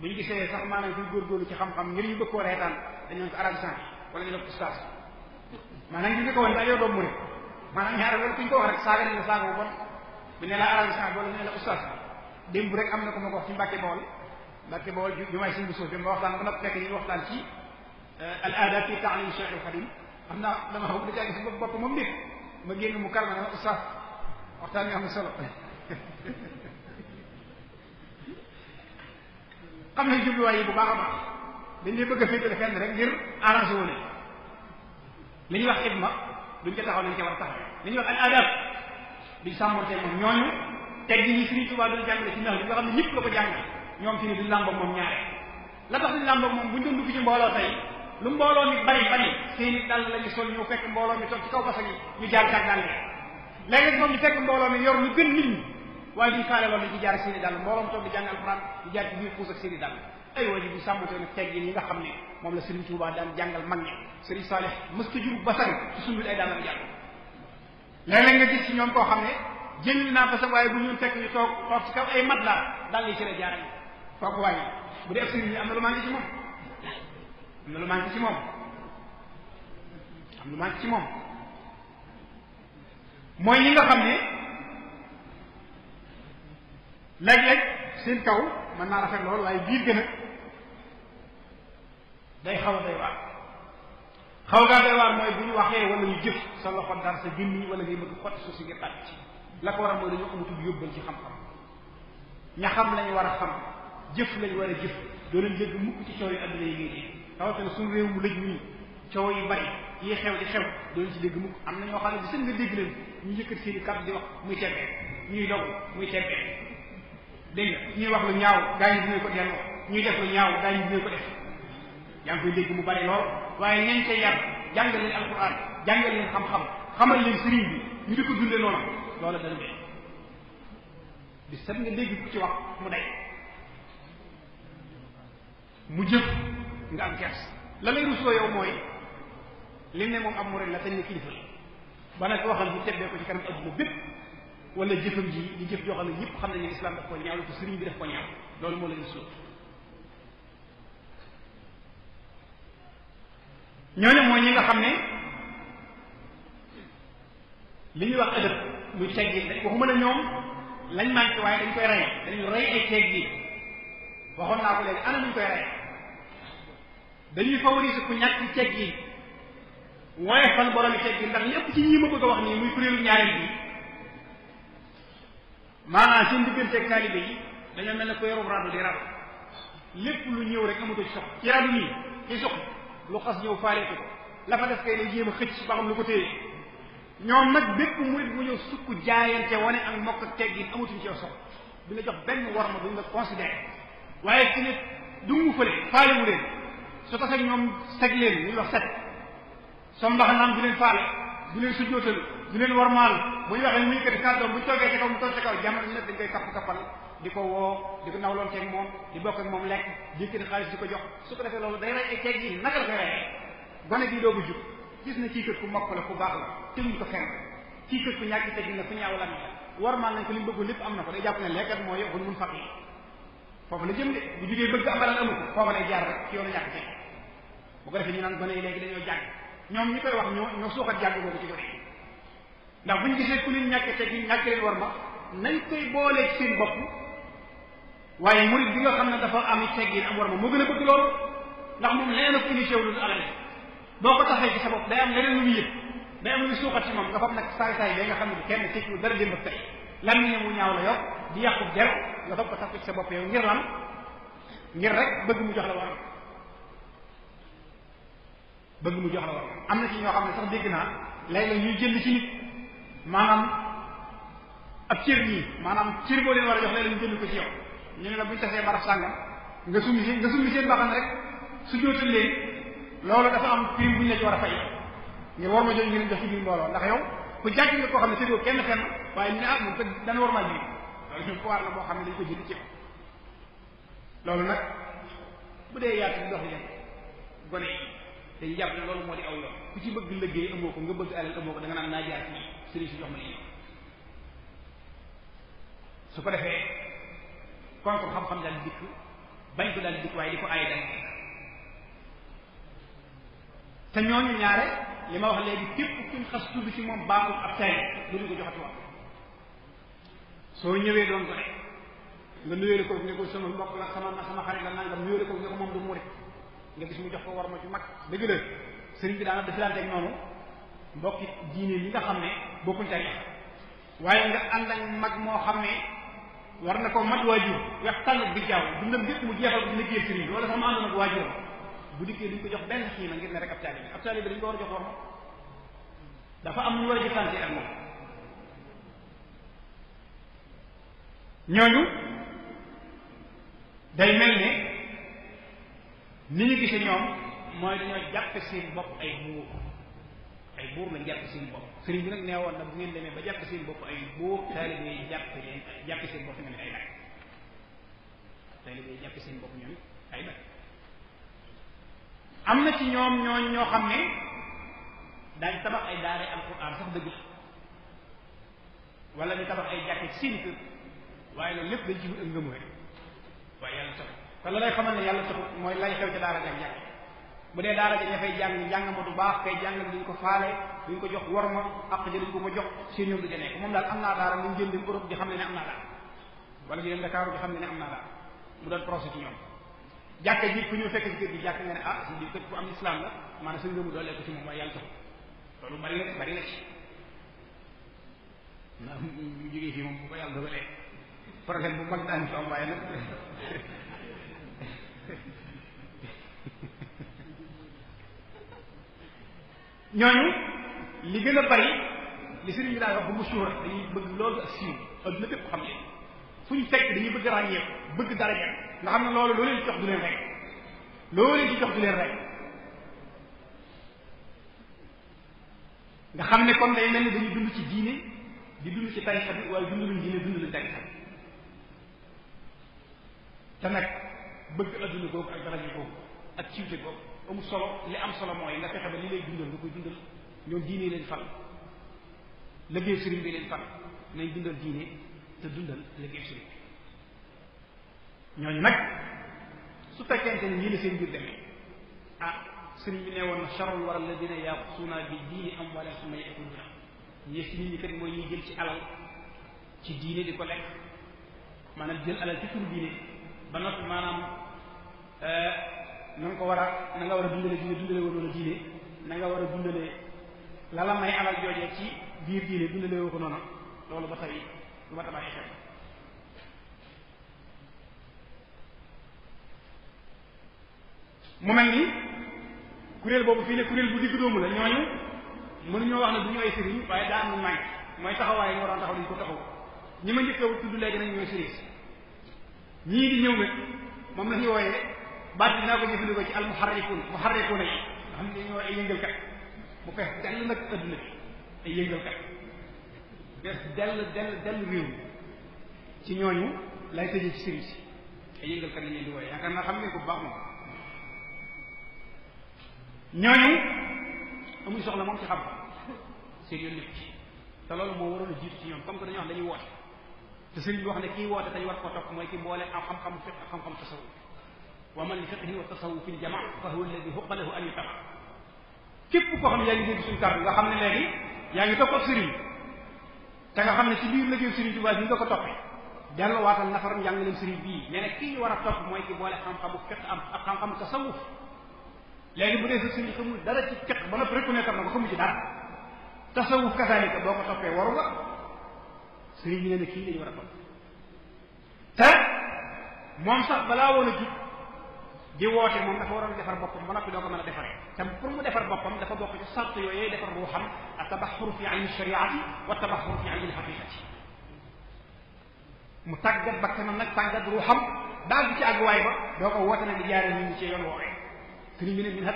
A: buñ gisee sax maanaam duñ góorgóorlu ci xam-xam ngir ñu bëgg koo reetaan dañu ko arabisant wala ñu def ustaas maanaam gis nga ko woon daal yow doo murit maanaam ñaar loolu ku ñu ko wax rek saaga nañ la saaga bu bon bu ne la arrangement boole ne la oustaz démb rek am na ko ma ko wax ci Mbàkke Bawol Mbàkke Bawol ju may suñu suuf bi ma waxtaan ba noppi fekk ñu waxtaan ci al aada fi taalim Cheikh al Xadim xam naa dama xam da caa gis bopp bopp moom nit ma génn mu kalma ne ma oustaz waxtaan bi am na solo xam nañ jubluwaay yi bu baax a baax dañ lay bëgg a féetale fenn rek ngir arrangé wu ne li ñuy wax xidma duñ ko taxaw lañ ci war tax taxaw li ñuy wax al adab bi sàmmonte moom ñooñu teg ñi suñu tuba doon jàngale ci ñoo li nga xam ne ko jàng ñoom fi ni lamb làmboog moom ñaare la tax di làmboog mom buñ doon dugg ci mbolo tay lu mbolo mi bari bari seen dal lañu sol ñu fekk mbolo mi tok ci kaw fasa gi ñu jàng càg dal léegi mom ñu fekk mbolo mi yor ñu gën nit ñi waaye duñ faale wala ci jaar seen dal mbolo mi tok di jàng alquran di jaar ci biir puus ak seen dal ay waji ji di sàmmonte nag teg nga xamni mom la suñu tuba daan jàngal mag ñi Serigne Salih mësta jur basari ci sundul ay daanam jàll léeg-léeg nga gis ci ñoom koo xam ne jënd naa basam waaye bu ñu fekk ñu toog toog ci kaw ay mat laa daal lay cëre jaarale foo ko wàññi bu dee ab sëriñ am na lu manqué ci moom am na lu manqué ci moom mooy ñi nga xam ne léeg-léeg seen kaw mën naa rafet loolu ay biir gën a day xaw a day waar xaw ngaa doy waar mooy bu ñu waxee wala ñu jëf sa loxo dara sa gémmiñ wala ngay bëgg xotti suuf si nga tàcc la ko war a mooy dañoo amatul yóbbal ci xam-xam ña xam lañu war a xam jëf lañu war a jëf doo leen dégg coow yi adduna yi ngay réew mu lëj mii coow yi bari yi xew di xew doo ci dégg mukk am na ñoo xam ne bi seen nga dégg leen ñu yëkkati seen i kàddu di wax muy tebbee ñuy dog muy tebbee dégg ñuy wax lu ñaaw gaa ñu dinañ ko delloo ñuy def lu ñaaw gaa ñi dinañ ko def yaa ngi koy dégg mu bari lool waaye ñañ ca yar jàngal leen alquran jàngal leen xam-xam xamal leen sëriñ bi ñu di ko dundee noonu loola dana dee di set nga dégg ku ci wax mu day mu jëf nga am kers la lay rusloo yow mooy li ne moom am murid la dañ kii kilifa la ba nag ji bu tebbee ko ci kanam adduna bépp wala jëfam ji di jëf joo xam ne ñëpp xam nañu ne islam daf ko ñaaw ko sëriñ bi daf ko ñaaw loolu moo lay rusloo ñooñu mooy ñi nga xam ne li ñuy wax ëdëb muy teg yi waxuma la ñoom lañ manqué waaye dañ koy rey dañuy rey ay teg yi waxoon naa ko léegi ana ñu koy rey dañuy favoriser ku ñàkk ci teg yi waaye fan borom yi teg yi ndax lépp ci ñi ma bëgg a wax nii muy kuréelu ñaareel bi maanaam seen digganteeg taalibe yi dañoo mel ne ko yorub radu di rab lépp lu ñëw rek amatoo ci sox ci radu nii ci sox lu xas ñëw faaleetu ko la fa def kay lay jéem a xëcc ba xam lu ko téye ñoom nag bépp murit bu ñëw sukk jaayante wane ak mbokk teggin amatuñ ci yow soxla du la jox benn war ma duñ la considéré waaye ci ne dungu fële faale faalewu leen su tas ak ñoom seg leen ñu wax set sa mbaxanaam du leen faale du leen sujjootal du leen warmaal bu ñu waxe muy yëkkati kàddoom bu ñu toogee ca kaw mu toog ca kaw jamono ñu ne dañ koy kapp kappal di ko woo di ko nawloon teeg moom di bokk moom lekk di kii xaalis di ko jox su ko defee loolu day rey ay ceeb yi naka la koy rey gone bii doogu jub gis na kii kër ku mokk la ku baax la teguñ ko fenn kii kër ku ñàkk teggin la ku war maan nañ ko li mu bëggoon lépp am na ko day jàpp ne moo yóbbu mun faq foofu la jëm de bu jugee bëgg ambalaan amu ko foofa lay jaar rek ci yoonu ñàkk ceeb bu defee ñu naan gone yi léegi dañoo jàng ñoom ñu koy wax ñoo ñoo suuxat jàng boobu ci gone yi ndax buñu gisee ku leen ñàkk teggin ñàkk leen war nañ koy boolee ci seen bopp waaye murid bi nga xam ne dafa am teggin am war ma moo gën a bëgg loolu ndax moom leneen ak initié wu dul alal boo ko taxee ci sa bopp day am leneen lu muy yëg day am lu muy suuxat ci moom dafa fab nag saay saay bi nga xam ne kenn ci ci dara jëm ak tey lan ne mu ñaaw la yokk di yàqu der nga fab ko ci sa bopp yow ngir lan ngir rek bëgg mu jox la war bëgg mu jox la war am na ci ñoo xam ne sax dégg naa lay la ñuy jënd ci nit maanaam ab cër ñii maanaam cër boo leen war a jox lay la ñu jënd ko ci yow ñu ne la bu ñu tasee barab sàngam nga summi seen nga summi seen baxan rek su jootal leen loolu dafa am prime bu ñu la ci war jox ci biir mbooloo ndax yow ku jàcc nga koo xam ne séddoo kenn fenn waaye ñu ne ah moom kat dana war maa ji loolu ñun pouvoir boo xam ne dañ ko jëli loolu nag bu dee yaatu bi dox leen dañu jàpp ne loolu moo di aw yoon ku ci bëgg liggéey amoo ko nga bëgg alal amoo ko da nga naan naa jaar ci sëriñ si su ko defee contre xam-xam daal dikk bañ ko daal dikk waaye di ko aaye daal te ñooñu ñaare li ma wax léegi képp kuñ xas tudd ci moom baaxul ab tay duñu ko joxati wax soo ñëwee doon ko rek nga nuyoo ko ne ko sama mbokk la sama sama xarit la nangam nuyoo ko ne moom du murit nga gis mu jox ko war ma ci mag dëgg la sëriñ bi daana dafi daan noonu mbokki diine yi nga xam ne bokkuñ tay waaye nga ànd ak mag moo war na ko mat waajur wex tan bi jaaw dundam gépp mu jeexal ko dina géer sëriñ bi wala sax mu àndoon ak bu dikkee duñ ko jox benn xiima ngir ne rek ab taalibe ab taalibe dañ ko wara jox war dafa am ñu wara a ci ak moom ñooñu day melni ni ñu gise ñoom mooy dañoo jàppe seen bopp ay buur ay buur lañ jàpp seen bopp sëriñ bi nag nee woon na bu ngeen demee ba jàpp ay buur taalib yi jàpp leen jàpp seen bopp ñoom it ay dakk taalib am na ci ñoom ñooñ ñoo xam ne daañ tabax ay daara alquran sax dëgg wala ñu tabax ay jàkk ci kër waaye loolu lépp dañ ci wut ak ngëm rek waaye yàlla taxut te la lay xamal ne yàlla taxut mooy lay xew ci daara ak bu dee daara ja ña fay jàng jàng ma du baax kay jàng duñ ko faale duñ ko jox war ma ak ja duñ ko ko jox seen yoon du ja nekk moom daal am naa daara ñu jël dem Europe di xam ne naa daara wala ñu dem xam ne ne am naa daara mu doon procès ci ñoom jàkka ji ku ñu fekk ci kër gi jàkk nga ne ah si biir kër am islam la maanaam suñ ngëmu doolee ko si moom waaye yàlla tax loolu bari na bari na ci mu jógee fii moom bu ko yàlla dogalee problème bu mag daan fi am waaye ñooñu li gën a bari li sëriñ bi daan wax bu mu suura dañuy bëgg loolu ak siiw adduna bépp xam leen fu ñu fekk dañuy bëgg ràññee bëgg daraja nga xam ne loolu loo leen jox du leen rek loo leen ci jox du xam ne kon day mel ni dañuy dund ci diine di dund ci tarixa bi waaye dund luñ diine dund luñ tarixa bi te nag bëgg adduna googu ak daraja googu ak ciwte googu amul solo li am solo mooy nga fexe ba li lay dundal nga koy dundal ñoom diine leen fal
B: liggéey sëriñ bi leen fal
A: nañ dundal diine te dundal liggéey sëriñ bi ñooñu nag su fekkente ni ñii la seen biir demee ah sëriñ bi ne woon charul war alladina yaqsuuna bi diini am wala suma yaquluuna ñee si nit ñi kat mooy ñuy jël ci alal ci diine di ko lekk maanaam jël alal ci tur diine ba noppi maanaam na nga ko wara nga wara dundale ci dundale wono la diine nga wara dundale la la may alal jojje ci biir diine dundale woko nono lolu ba tay lu ma tabaay xel mu mel ni bobu fi fii ne kurel bu digg doomu la ñooñu ñoo wax ne du ñu ay sëriñ waaye daa am may mooy taxawaay ñu waroon taxaw duñ ko taxaw ñi ma wu tuddu tudd léegi nañ ñooy sëriñ ñii di ñëw nag moom la ñu wooyee باتي ناكو جيفلو كي المحركون محركون اي هم ديو اي ينجل كات مو فيه دال نك ادنا اي ينجل كات بس دال دال دال ريو سي ньо ญ و لاي تيجي سي سيري اي ينجل كات ني دي واي ياكار نا خام نكو باخو ньо ญ و امي سوخلا مون سي خام سيري نيت تا لول مو ورونا جيت سي ньо ญ كوم كو دانيو واخ دانيو ووت te serigne bi wax ne kii woote tañu war koo topp mooy ki boole am xam-xam fiq wa man li fiqhi wa tasawuf fil jamaa fa huwa alladi huqqa lahu an yutaba képp koo xam ne yaa ngi dégg suñu kàddu nga xam ne léegi yaa ngi topp ak sëriñ te nga xam ne ci biir liggéeyu sëriñ Tuubaa bi nga ko toppee delluwaatal nafaram njàngaleem sëriñ bii nee na kii war a topp mooy ki boole xam-xamu fiq am ak xam-xamu tasawuf léegi bu dee sa sëriñ xamul dara ci fiq ba nga reconnaître na ko xamu ci dara tasawuf kasaalika boo ko toppee waru nga sëriñ bi nee na kii lañu war a topp te moom sax balaa woon a jub di wote mom dafa waral defar bopam ba noppi doo ko mën a defaree te pour mu defar bopam dafa bokk ci sant yoyé defar ruuxam ak tabaxur fi ayni shariati wa tabaxur fi ayni haqiqati mu tàggat bakkanam nag tàggat ruuxam dal ci ag way ba doo ko woote nag di jaaree ñi ci yoon woowee sëriñ min min ha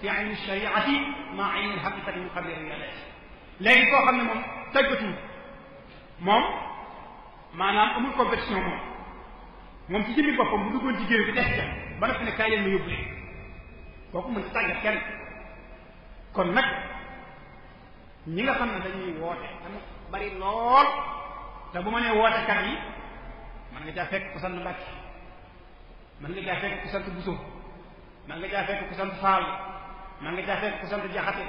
A: fi ayni shariati ma ayni haqiqati min qabli riyadat léegi koo xam ne moom tàggatul moom maanaam amul compétition mom mom ci jëmmi bopam bu duggoon ci géew ci def ci ba noppi ne kaay leen ma yóbbu leen kooku mën ta tàggat kenn kon nak ñi nga xamne dañuy wote dama bari lool da buma ne wote kat yi man nga ja fekk ku sant mbàcc man nga ja fekk ku sant buso man nga ja fekk ku sant faal man nga ja fekk ku sant jaxate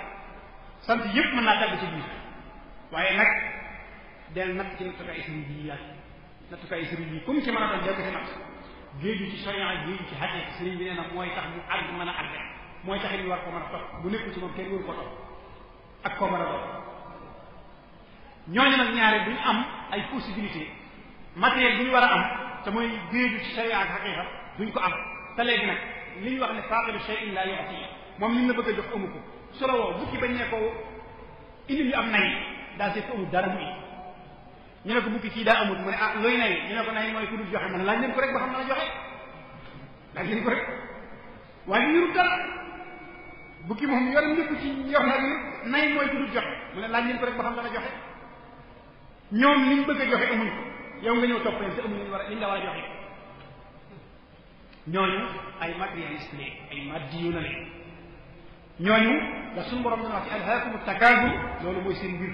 A: sant yépp mën naa tàgg ci biir waaye nak del natt ci nattukaay sëriñ bi yaa nattukaay sëriñ bi kum ci mën a doon jël ci natt géeju ci sharia géeju ci xadis sëriñ bi nee na mooy tax mu àgg mën a àgg mooy tax ñu war ko mën a topp bu nekkul ci moom kenn waru ko topp ak koo mën a doon ñooñu nag ñaare duñ am ay possibilité matériel bu ñu war a am te mooy géeju ci sharia ak xaqiqa duñ ko am te léegi nag li ñu wax ne faaqidu shay'in laa yu'ti moom li la bëgg a jox amu ko su la woo bukki bañ ne ko indi ñu am nay daal see ko amul dara muy ñu ne ko bukki kii daa amul mu ne ah luy nay ñu ne ko nay mooy ku dul joxe mu ne laaj leen ko rek ba xam na a joxe laaj leen ko rek waaye ñu dara bukki moom yoon nekku ci yor na nay mooy ku dul joxe mu ne laaj leen ko rek ba xam na joxe ñoom liñ bëgg a joxe amuñ ko yow nga ñëw topp leen te amuñ liñ war liñ la war a joxe ñooñu ay matérialiste ne ay maddiyu na ne ñooñu la suñu borom dana wax ci alhaakum takaabu loolu mooy seen mbir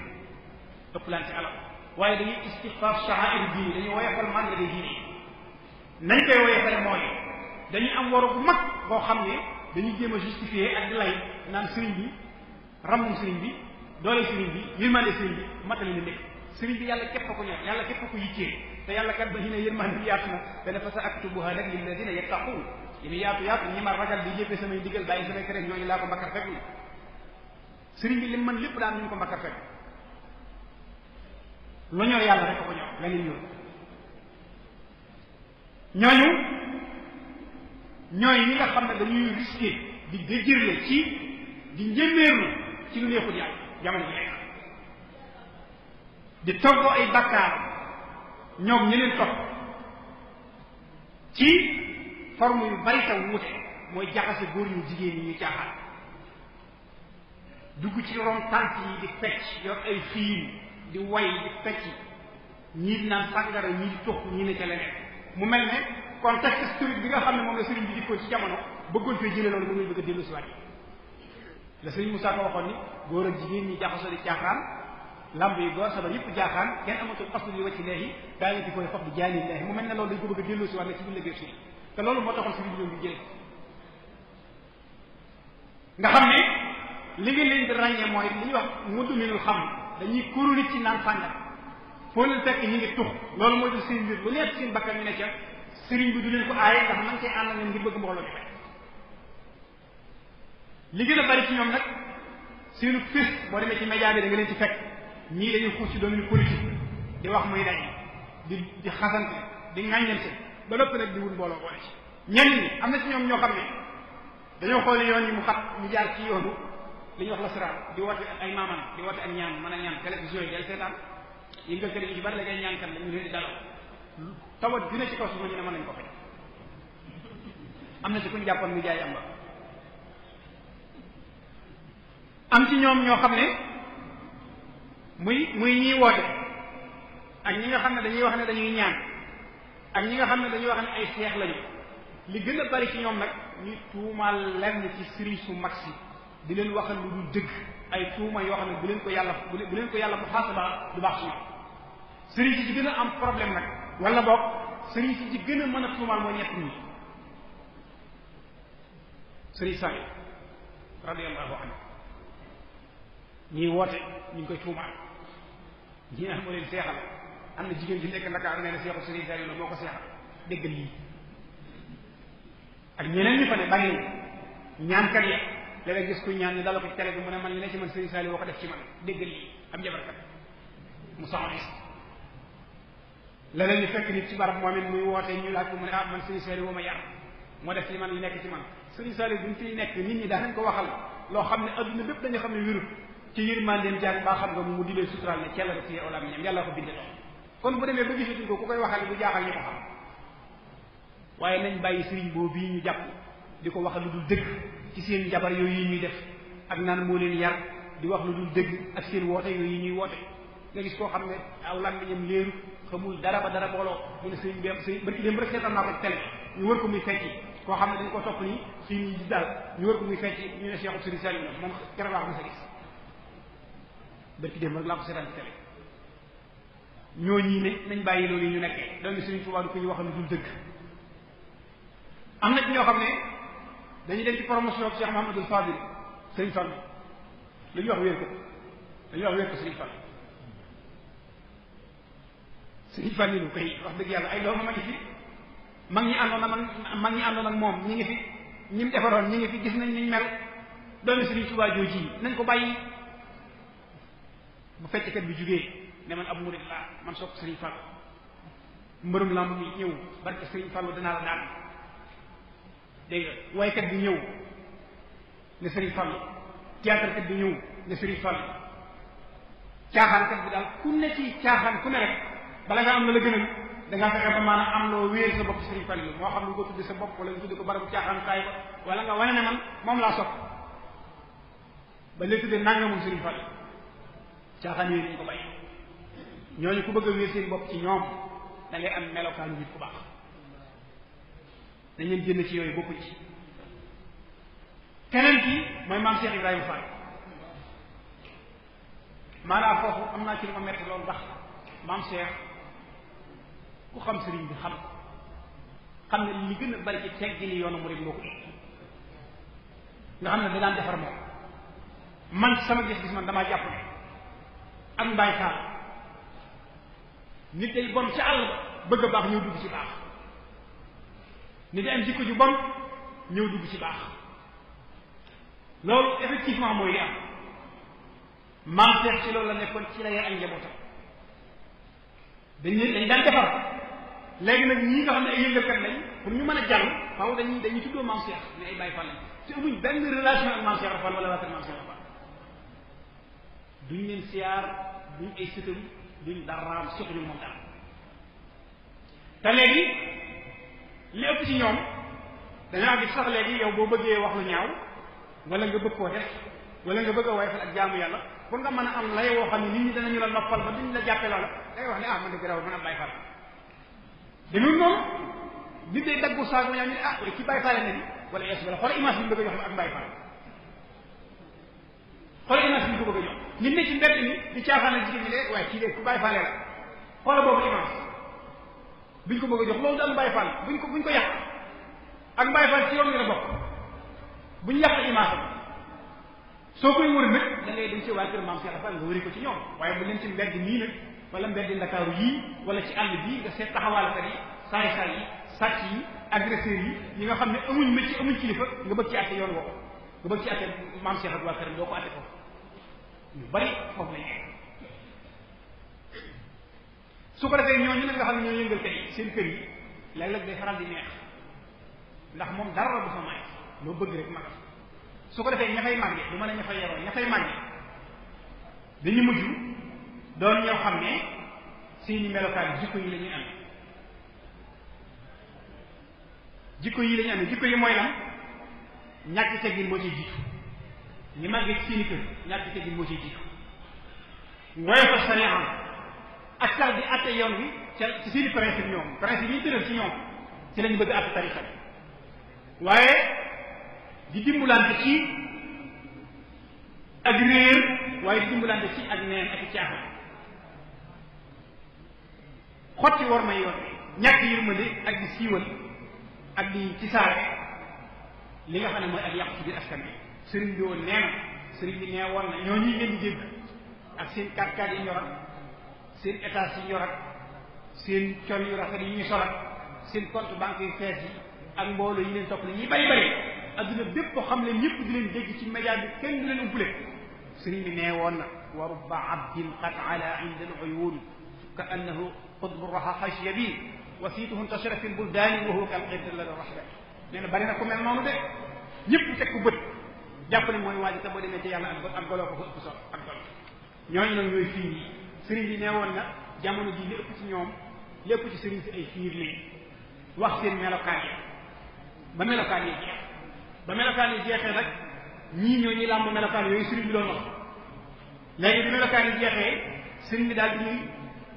A: ëpplante alal waaye dañuy istixfaaf sha'air diine dañuy woyofal màndarga diine nañ koy woyofale mooy dañuy am waru bu mag boo xam ne dañuy jéem a justifier ak di lay naan sëriñ bi rammum sëriñ bi doole sëriñ bi yërmande sëriñ bi matali na nekk sëriñ bi yàlla képp ko ñor yàlla képp ko yittee te yàlla kat ba ñu ne yërmande yaatu na dana fa sa aktubuha nag lilladina yattaquun li mu di jëfee samay digal bàyyi samay tere ñooñu laa ko mbakkar fekk na bi li man mën lépp daan ñu ko mbakkar fekk lu ñor yàlla rek ko ñor la leen ñor ñooñu ñooy nga xam ne dañuy risqué di dëjërle ci di njëméerlu ci lu neexul yàlla jamono bi nekk di togg ay bakkaar ñoom ñi leen topp ci forme yu bari taw wuute mooy jaxase góor ñu jigéen ñi ñu caaxaan dugg ci ron tànt yi di fecc yor ay fiil di woy di fecci ñii di naan sàngara ñii di tux ñii ne ca leneen mu mel ne contexte historique bi nga xam ne moom la sëriñ bi dikkoo ci jamono bëggoon fee jëlee loolu moom lañ bëgg a dellu si waat la sëriñ Moussa ko waxoon ni góor ak jigéen ñi jaxasoo di caaxaan lamb yi góor sabar yëpp jaaxaan kenn amatul xasdu li wacci leehi daa ngi di koy fab bi jaani leehi mu mel ne loolu dañ ko bëgg a delloo si wàlla ci biir liggéey te loolu moo taxoon suñu ñoom bi jëlee nga xam ne li nga leen di ràññee mooy li ñuy wax mudminul xam dañuy kuru nit ci naan sàngara foo leen fekk ñu ngi tux loolu moo di seen mbir lu nekk seen bakkan ñu bi du leen ko aaye ndax man cee ànd ak ngir bëgg mbooloo joxe li gën a bari ci ñoom nag seenu fés boo demee ci média bi da nga leen ci fekk ñii dañuy xuus ci domaine politique di wax muy dañ di di xasante di ŋàññante ba noppi nag di wut mbooloo boole ci ñenn ñi am na ci ñoom ñoo xam ne dañoo xooli yoon yi mu xat ñu jaar ci yoonu dañu wax la sira di wote ay mamam di wote ak ñaan mëna ñaan télévision yi del seetaan yi nga kër yi ci bari la ngay ñaan kan dañu leen di dalal tawat dina ci ko suñu ñu mëna mën ko fay amna ci kuñu jappal mu jaay am ba am ci ñoom ñoo xam ne muy muy ñiy woote ak ñi nga xam ne dañuy wax ne dañuy ñaan ak ñi nga xam ne dañuy wax ne ay seex lañu li gën a bari ci ñoom nag ñu tuumal lenn ci sëriñ su mag si di leen waxal lu dul dëgg ay tuuma yoo xam ne bu leen ko yàlla bu leen ko yàlla mu xaasaba du baax ci sëriñ si gën a am problème nag wala boog sëriñ si ci gën a mën a tuumaal mooy ñett ñi sëriñ Saliou radiyallahu anhu ñii woote ñu ngi koy tuumaal ñii am leen seexal am na jigéen ji nekk Ndakaar nee na seexu sëriñ Saliou la moo ko seexal dégg lii
B: ak ñeneen ñi fa ne
A: bari ñaan kat da ngay gis ku ñaan ni dala ko ci télé bi mu ne man li ne ci man Serigne Saliou woo ko def ci man déggal lii am jabarkat mu soxla is leneen ñu fekk nit ci barab moom muy woote ñu laaj ko mu ne ah man Serigne Saliou woo ma yar moo def ci man li nekk ci man Serigne Saliou bi mu fiy nekk nit ñi dañ ko waxal loo xam ne adduna bépp dañu xam ne wérut ci yërmandeem jaar baa xam nga mu di leen suturaal ne cell ko ci olam ñam yàlla ko bindee kon bu demee ba gisatuñ ko ku koy waxal bu jaaxal ñu ko xam waaye nañ bàyyi sëriñ boobu bii ñu jàpp di ko waxal lu dul dëgg ci seen jabar yooyu ñuy def ak naan moo leen yar di wax lu dul dëgg ak seen woote yooyu ñuy woote nga gis koo xam ne aw làmmiñam leeru xamul dara ba dara booloo mu ne sëñ bi sëñ ba dem rek seetaan naa ko tele ñu wër ko muy fecc koo xam ne dañ ko topp nii fii ñu di daal ñu wër ko muy fecc ñu ne Cheikh Sëriñ Salim la moom kere laa ko sa gis barki dem rek laa ko seetaan ci télé ñoo ñii ne nañ bàyyi loolu ñu nekkee doomi Sëriñ Tuubaa du ko ñu wax lu dul dëgg am na ci ñoo xam ne dañuy dem ci promotion Cheikh Mouhamadul Fadil Sëriñ Fall li ñu wax wér ko dañuy wax wér ko Sëriñ Fall Sëriñ Fall yi koy wax dëgg yàlla ay doomam a ngi fi mag ñi moom ñi mu defaroon ñi ngi fi gis nañ niñ mel doomi Sëriñ Tuubaa jooju ko bàyyi bi jugee ne man ab murid laa man sopp Sëriñ Fall mbërum lamb mi ñëw barke Sëriñ Fall danaa la daan dégg nga waykat bi ñëw ne Serigne Fall théâtre kat bi ñëw ne Serigne Fall caaxaan kat bi daal ku ne ci caaxaan ku ne rek bala nga am na la gënal da ngaa fexe ba maanaam am loo wéer sa bopp Serigne Fall moo xam lu ko tudde sa bopp wala nga ko barabu caaxaan kaay ba wala nga wane ne man moom laa sopp ba léegi tudde nangamul Serigne Fall caaxaan yooyu dañ ko bàyyi ñooñu ku bëgg a wéer seen bopp ci ñoom da ngay am melokaan njiit ku baax dañuy leen ci yooyu bokku ci keneen ki mooy maam Cheikh Ibrahima Fall maanaam foofu am naa ci lu ma metti lool ndax maam Cheikh ku xam sëriñ bi xam xam ne li gën a bari ci teggini yoonu murid moo ko nga xam ne danaan defar moom man sama gis-gis man dama jàpp ne ak mbaay taal nit day bon ci àll bëgg a baax ñëw dugg ci baax ni di am jikko ju bon ñëw dugg ci bax loolu effectivement moy li am maam seex ci loolu la nekkon ci la yar ak njabootam dañuy dañ daan defar legi nak ñi nga xamne ay yëngal kat lañ pour ñu mëna jàll faaw dañ dañ ci do mam seex ni ay bay fa lañ ci amuñ ben relation ak mam seex rafan wala waatal mam seex rafan duñ leen siyaar duñ ay sëtam duñ daraam soxlu mo dara ta legi li ëpp ci ñoom dañoo gis sax léegi yow boo bëggee wax lu ñaaw wala nga bëgg koo def wala nga bëgg a wayfal ak jaamu yàlla pour nga mën a am lay woo xam ne nit ñi danañu la noppal ba duñ la jàppe loola day wax ne ah man de garaaw man ab Baay Faal demul noonu nit day daggu saago ñaaw ñu ne ah ci Baay Faal ne bi wala es wala xoolal bi ñu bëgg a jox ak Baay Faal ñu ko bëgg a jox di caaxaan jigéen ñi de waaye kii de ku Baay Faal la xoola boobu image biñ ko bëgg a jox loolu da Baye Fall buñ ko buñ ko yàq ak Baye Fall ci yoon wi la bokk buñ yàq image soo koy wër nag da ngay dem ci waa kër ko ci ñoom waaye bu leen ci ñu nii nag wala mbedd ndakaaru yii wala ci àll bii nga seet taxawaalkat yi saay-saay yi yi ñi nga xam ne amuñ métier ci àtte yoon woo nga bëgg ci àtte maam Cheikh ak waa këram doo ko àtte ko ñu bari foofu lañ su ko defee ñooñu nag nga xam ne ñoo yëngal kër yi seen kër yi léeg-léeg ndax moom dara du fa màgg loo bëgg rek màgg su ko defee ña fay màggee du mën a ña fay yaroo ña fay màggee dañu mujj doon ñoo xam ne seeni melokaan jikko yi la amee jikko yi la ñuy amee jikko yi moo ciy jiitu ñu màggee ci seeni kër ñàkk teggin moo ciy jiitu ngoy fa sariya ak sax bi atte yoon wi ca ci seeni principe ñoom principe yi ñu tëral ci ñoom ci lañu bëgg atte tarixa bi waaye di dimbalante ci ak réer waaye di dimbalante ci ak neen ak i caaxaan xotti war may yoon ñàkk yërmande ak di siiwal ak di ci saare li nga xam ne mooy ak yàqu ci biir askan bi sëriñ bi woon nee na sëriñ bi nee woon na ñoo ñuy ngeen di ak seen kàddu kàddu yi ñoram seen état ci yor ak seen col yu rafet yi ñu sol ak seen compte banque yi fees yi ak mbooloo yi leen topp ñi bari bari aduna bépp xam leen ñëpp di leen dégg ci média bi kenn du leen umpule sëriñ bi nee na wa rubba abdin qad ala inda al uyun ka annahu qutbu raha xashiya wa wasiituhu intashara fi al buldan wa huwa kal qibdi la rahba neena bari na ku mel nonu de ñëpp teg ko bët jàpp ne moy waji ta bo demé ci yàlla ak ak golo ko ko ëpp ak golo ñoy nag ñooy fii sëriñ bi ne woon na jamono ji li ci ñoom lépp ci sëriñ si ay xiir lañ wax seen melokaan yi ba melokaan yi jeex ba melokaan yi jeexee nag ñii ñoo ñuy làmb melokaan yooyu sëriñ bi doon wax léegi bi melokaan yi jeexee sëriñ bi daal di ñuy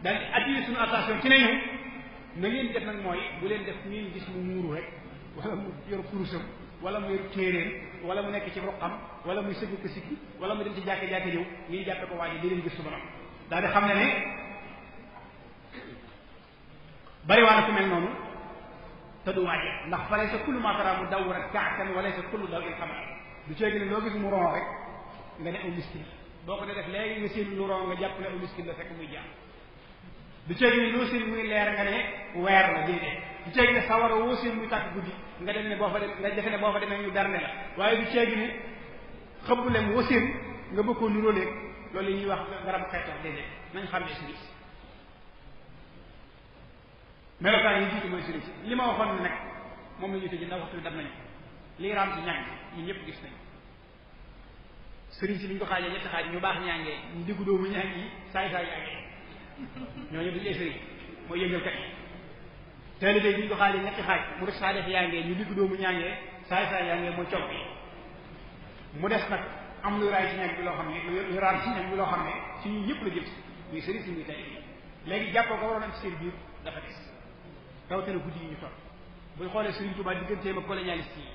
A: daal di attiré suñu attention ci nañu na ngeen def nag mooy bu leen def ngeen gis mu muuru rek wala mu yor kurusam wala mu yor téeréem wala mu nekk ci roqam wala muy sëgg ko sikki wala mu dem ci jàkke jàkke jëw ngeen jàppe ko waaji di leen gis su borom daal di xam ne ne bariwaa na ku mel noonu te du wàññi ndax fa laysa kullu maa taraa mu daw rek kaakan wa laysa kullu daw in xamal mu ron rek nga ne aw du cee gën loo séen muy leer nga ne weer la déedéet du cee gën sawara woo séen muy tàkk guddi nga def ne boo fa dem nga defe ne boo fa demee ñu berne la waaye du cee gën xëbb lem woo séen nga bëgg koo niróoleeg loolu yi ñuy wax garab xeetox déedéet nañ xàmmee sëriñ si melokaan yi jiitu mooy sëriñ si li ma waxoon nag moom la ñu tëj ndax waxtu bi dab nañu lii raam si ñàkk ñun ñëpp gis nañu si bi ñu ko xaajee ñetti xaaj ñu baax ñaangee ñu diggu doomu ñaang yi saay saay ñaangee ñooñu duñu ay sëriñ mooy yëngal kat taalibe bi ñu ko xaajee ñetti mu def saa def yaangee ñu mu des nag am luy raay ci ñag bi loo xam ne luy raam ci ñag bi loo xam ne ci ñun ñëpp la jëm muy sëriñ si muy tali bi léegi jàppoo ko waroon am ci seen biir dafa des rawatina guddi yi ñu toll buñ xoolee Sëriñ Tuubaa digganteem ak colonialiste yi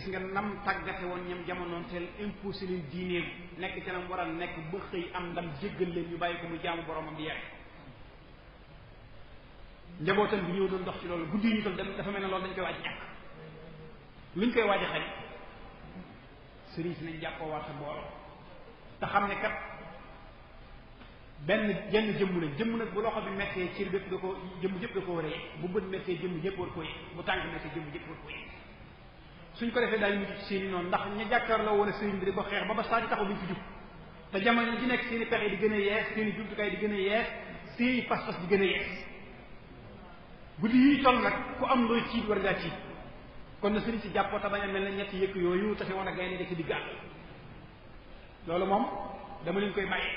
A: gis nga nam tàggate woon ñam jamonoon teel imposé leen diineem nekk ca nam war a nekk ba xëy am ndam jéggal yu bàyyi ko mu jaamu boromam di yare njabootam bi ñëw doon dox ci loolu guddi yi ñu toll dafa mel ne loolu dañ koy waaj ñàkk luñ koy waaj a xañ sëriñ si nañ jàppoo waat te xam ne kat benn jenn jëmm lañ jëmm nag bu loxo bi mettee cër bépp da ko da ko war a yëg bu bët mettee jëmm jëpp war ko yëg bu tànk suñ ko defee daañu mujj ci seen i noonu ndax ñu ña jàkkaarloo wala sëriñ bi di ko xeex ba ba saa di taxaw duñ fi jub te jamono ji nekk seen pexe di gën a yees seen i jumtukaay di gën a yees seen i pas-pas di gën a yees guddi yi toll nag ku am looy ciit war ngaa ciit kon na serigne si jàppoo ta bañ a mel ne ñetti yëkk yooyu te fi wan a gaynde de ci diggaat loolu moom dama leen koy baye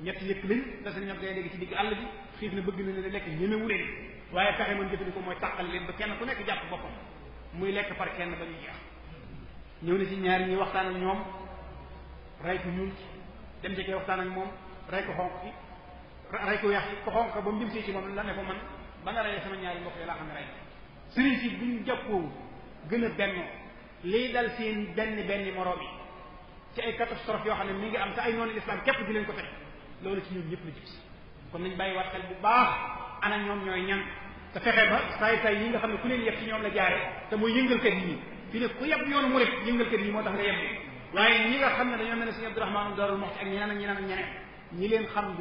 A: ñet yëkk lañ da sa ak gaynde gi ci digg àll bi xif na bëgg na leen lekk ñëme wu leen waaye fexe man ko moy takal leen ba kenn ku nekk japp bopam muy lekk par kenn ba ñu jeex ñew na ci ñaar ñi waxtaan ak ñom ray ko ñun ci dem ci kay waxtaan ak mom ray ko xonk ci ray ko weex ci ko ba mbim ci ci mom la ne ko man ba nga ray sama ñaari mbokk yi la xam ray ko sëriñ si buñ jàppoo gën a bennoo liy dal seen benn benn moroom yi ci ay catastrophe yoo xam ne mi ngi am ta ay noonu islam képp di leen ko teg loolu ci ñoom ñëpp la jib kon nañ bàyyi waat xel bu baax ana ñoom ñooy ñan te fexe ba saay saay yi nga xam ne ku leen yeb ci ñoom la te mooy yëngalkat yi fi ne ku yeb yoonu murit yëngalkat yi moo tax nga ne dañoo mel ne sëñ Abdourahmane Darou Moxti ak ñeneen ak ñeneen ak ñeneen ñi leen xam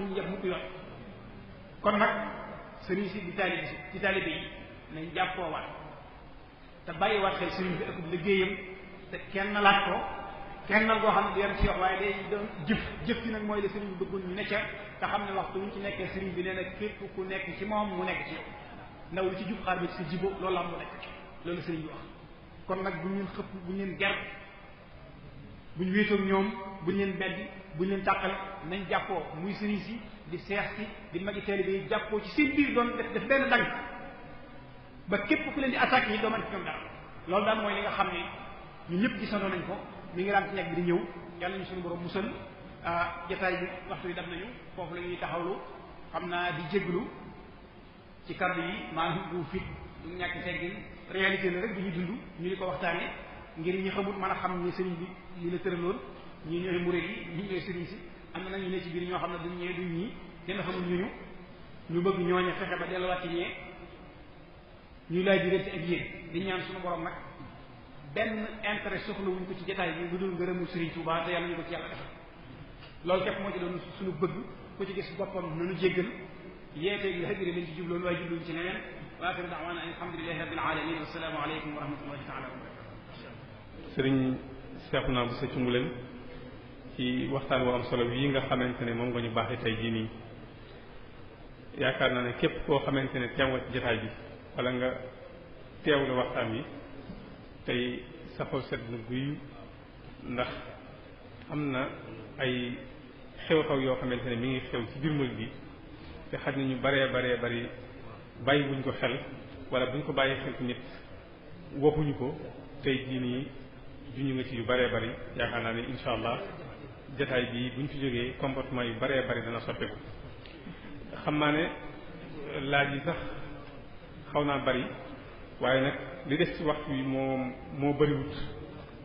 A: kon nag sëriñ si di taalibi si di taalibi yi nañ jàppoo waat te bàyyi waat xel sëriñ bi akub liggéeyam te kenn laaj ko kennal goo xam ne du yem ci wax waaye day doon jëf jëf ci nag mooy la sëriñ bi bëggoon ñu ne ca te xam ne waxtu wuñ ci nekkee sëriñ bi nee na képp ku nekk ci moom mu nekk ci yow ndaw li ci jub xaar bi ci sa jibo loolu am mu nekk ci loolu sëriñ bi wax kon nag bu ngeen xëpp bu ngeen ger bu ñu wéetoog ñoom bu ñu leen bedd bu ñu leen tàqale nañ jàppoo muy sëriñ si di seex si di magi teel bi jàppoo ci seen biir doon def def benn dank ba képp ku leen di attaque ñi doo mën ci ñoom dara loolu daal mooy li nga xam ne ñun ñëpp gisandoo nañ ko mi ngi daan ci nekk di ñëw yàlla ñu suñu borom musal ah, jataay bi waxtu yi dab nañu foofu la ñuy taxawlu xam naa di jéglu ci kàddu yi ngi bu fit du ñàkk teggin réalité la rek bu ñu dund ñu di ko waxtaane ngir ñi xamut mën a xam ni sëriñ bi ñu la tëraloon ñi ñooy murid yi ñu ñooy sëriñ si am na ñu ne ci biir ñoo xam ne duñ ñee duñ ñii kenn xamul ñu ñu ñu bëgg ñooñe fexe ba delluwaat ci ñee ñu laa jirante ak yéen di ñaan suñu borom nag benn intérêt soxla wuñ ko ci jataay bi bu dul ngërëmu Serigne Touba te yàlla ñu ko ci yàlla defal loolu képp moo ci doon suñu bëgg ku ci gis boppam nanu jéggal yeete yu hajri lañ ci jubloon waaye jubluñ ci neneen wa akhiru da'wana alhamdulillahi rabbil alamin wa salaamu alaykum wa rahmatullahi ta'ala wa
B: barakatuh Serigne Cheikhouna Bousso Cumbuleen ci waxtaan wu am solo yi nga xamante ne moom nga ñu baaxee tey jii nii yaakaar naa ne képp koo xamante ne teewa ci jataay bi wala nga teewlu waxtaan yi tey sa xol set na guy ndax am na ay xew-xew yoo xamante ne mi ngi xew ci biir murid bi te xaj na ñu baree baree bari bàyyi buñ ko xel wala buñ ko bàyyi xel tamit waxuñu ko tey jii nii juñu nga ci yu baree bari yaakaar naa ni incha allah jataay bii buñ fi jógee comportement yu baree bari dana soppeeku xam naa ne laaj yi sax. xaw naa bari waaye nag li des ci waxtu yi moo moo bariwut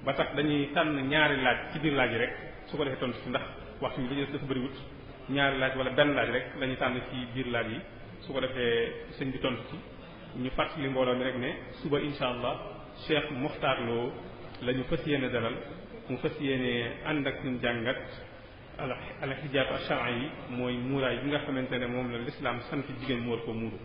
B: ba tax dañuy tànn ñaari laaj ci biir laaj yi rek su ko defee tontu ci ndax waxtu yi li des dafa bariwut ñaari laaj wala benn laaj rek lañuy tànn ci biir laaj yi su ko defee sëñ bi tontu ci ñu fàttali mbooloo mi rek ne suba insha allah Cheikh Mokhtar lañu la ñu fas yéene dalal mu fas yéene ànd ak suñu jàngat al al xijaab al shar'i yi mooy muuraay bi nga xamante ne moom la lislaam sant jigéen mu war ko muuru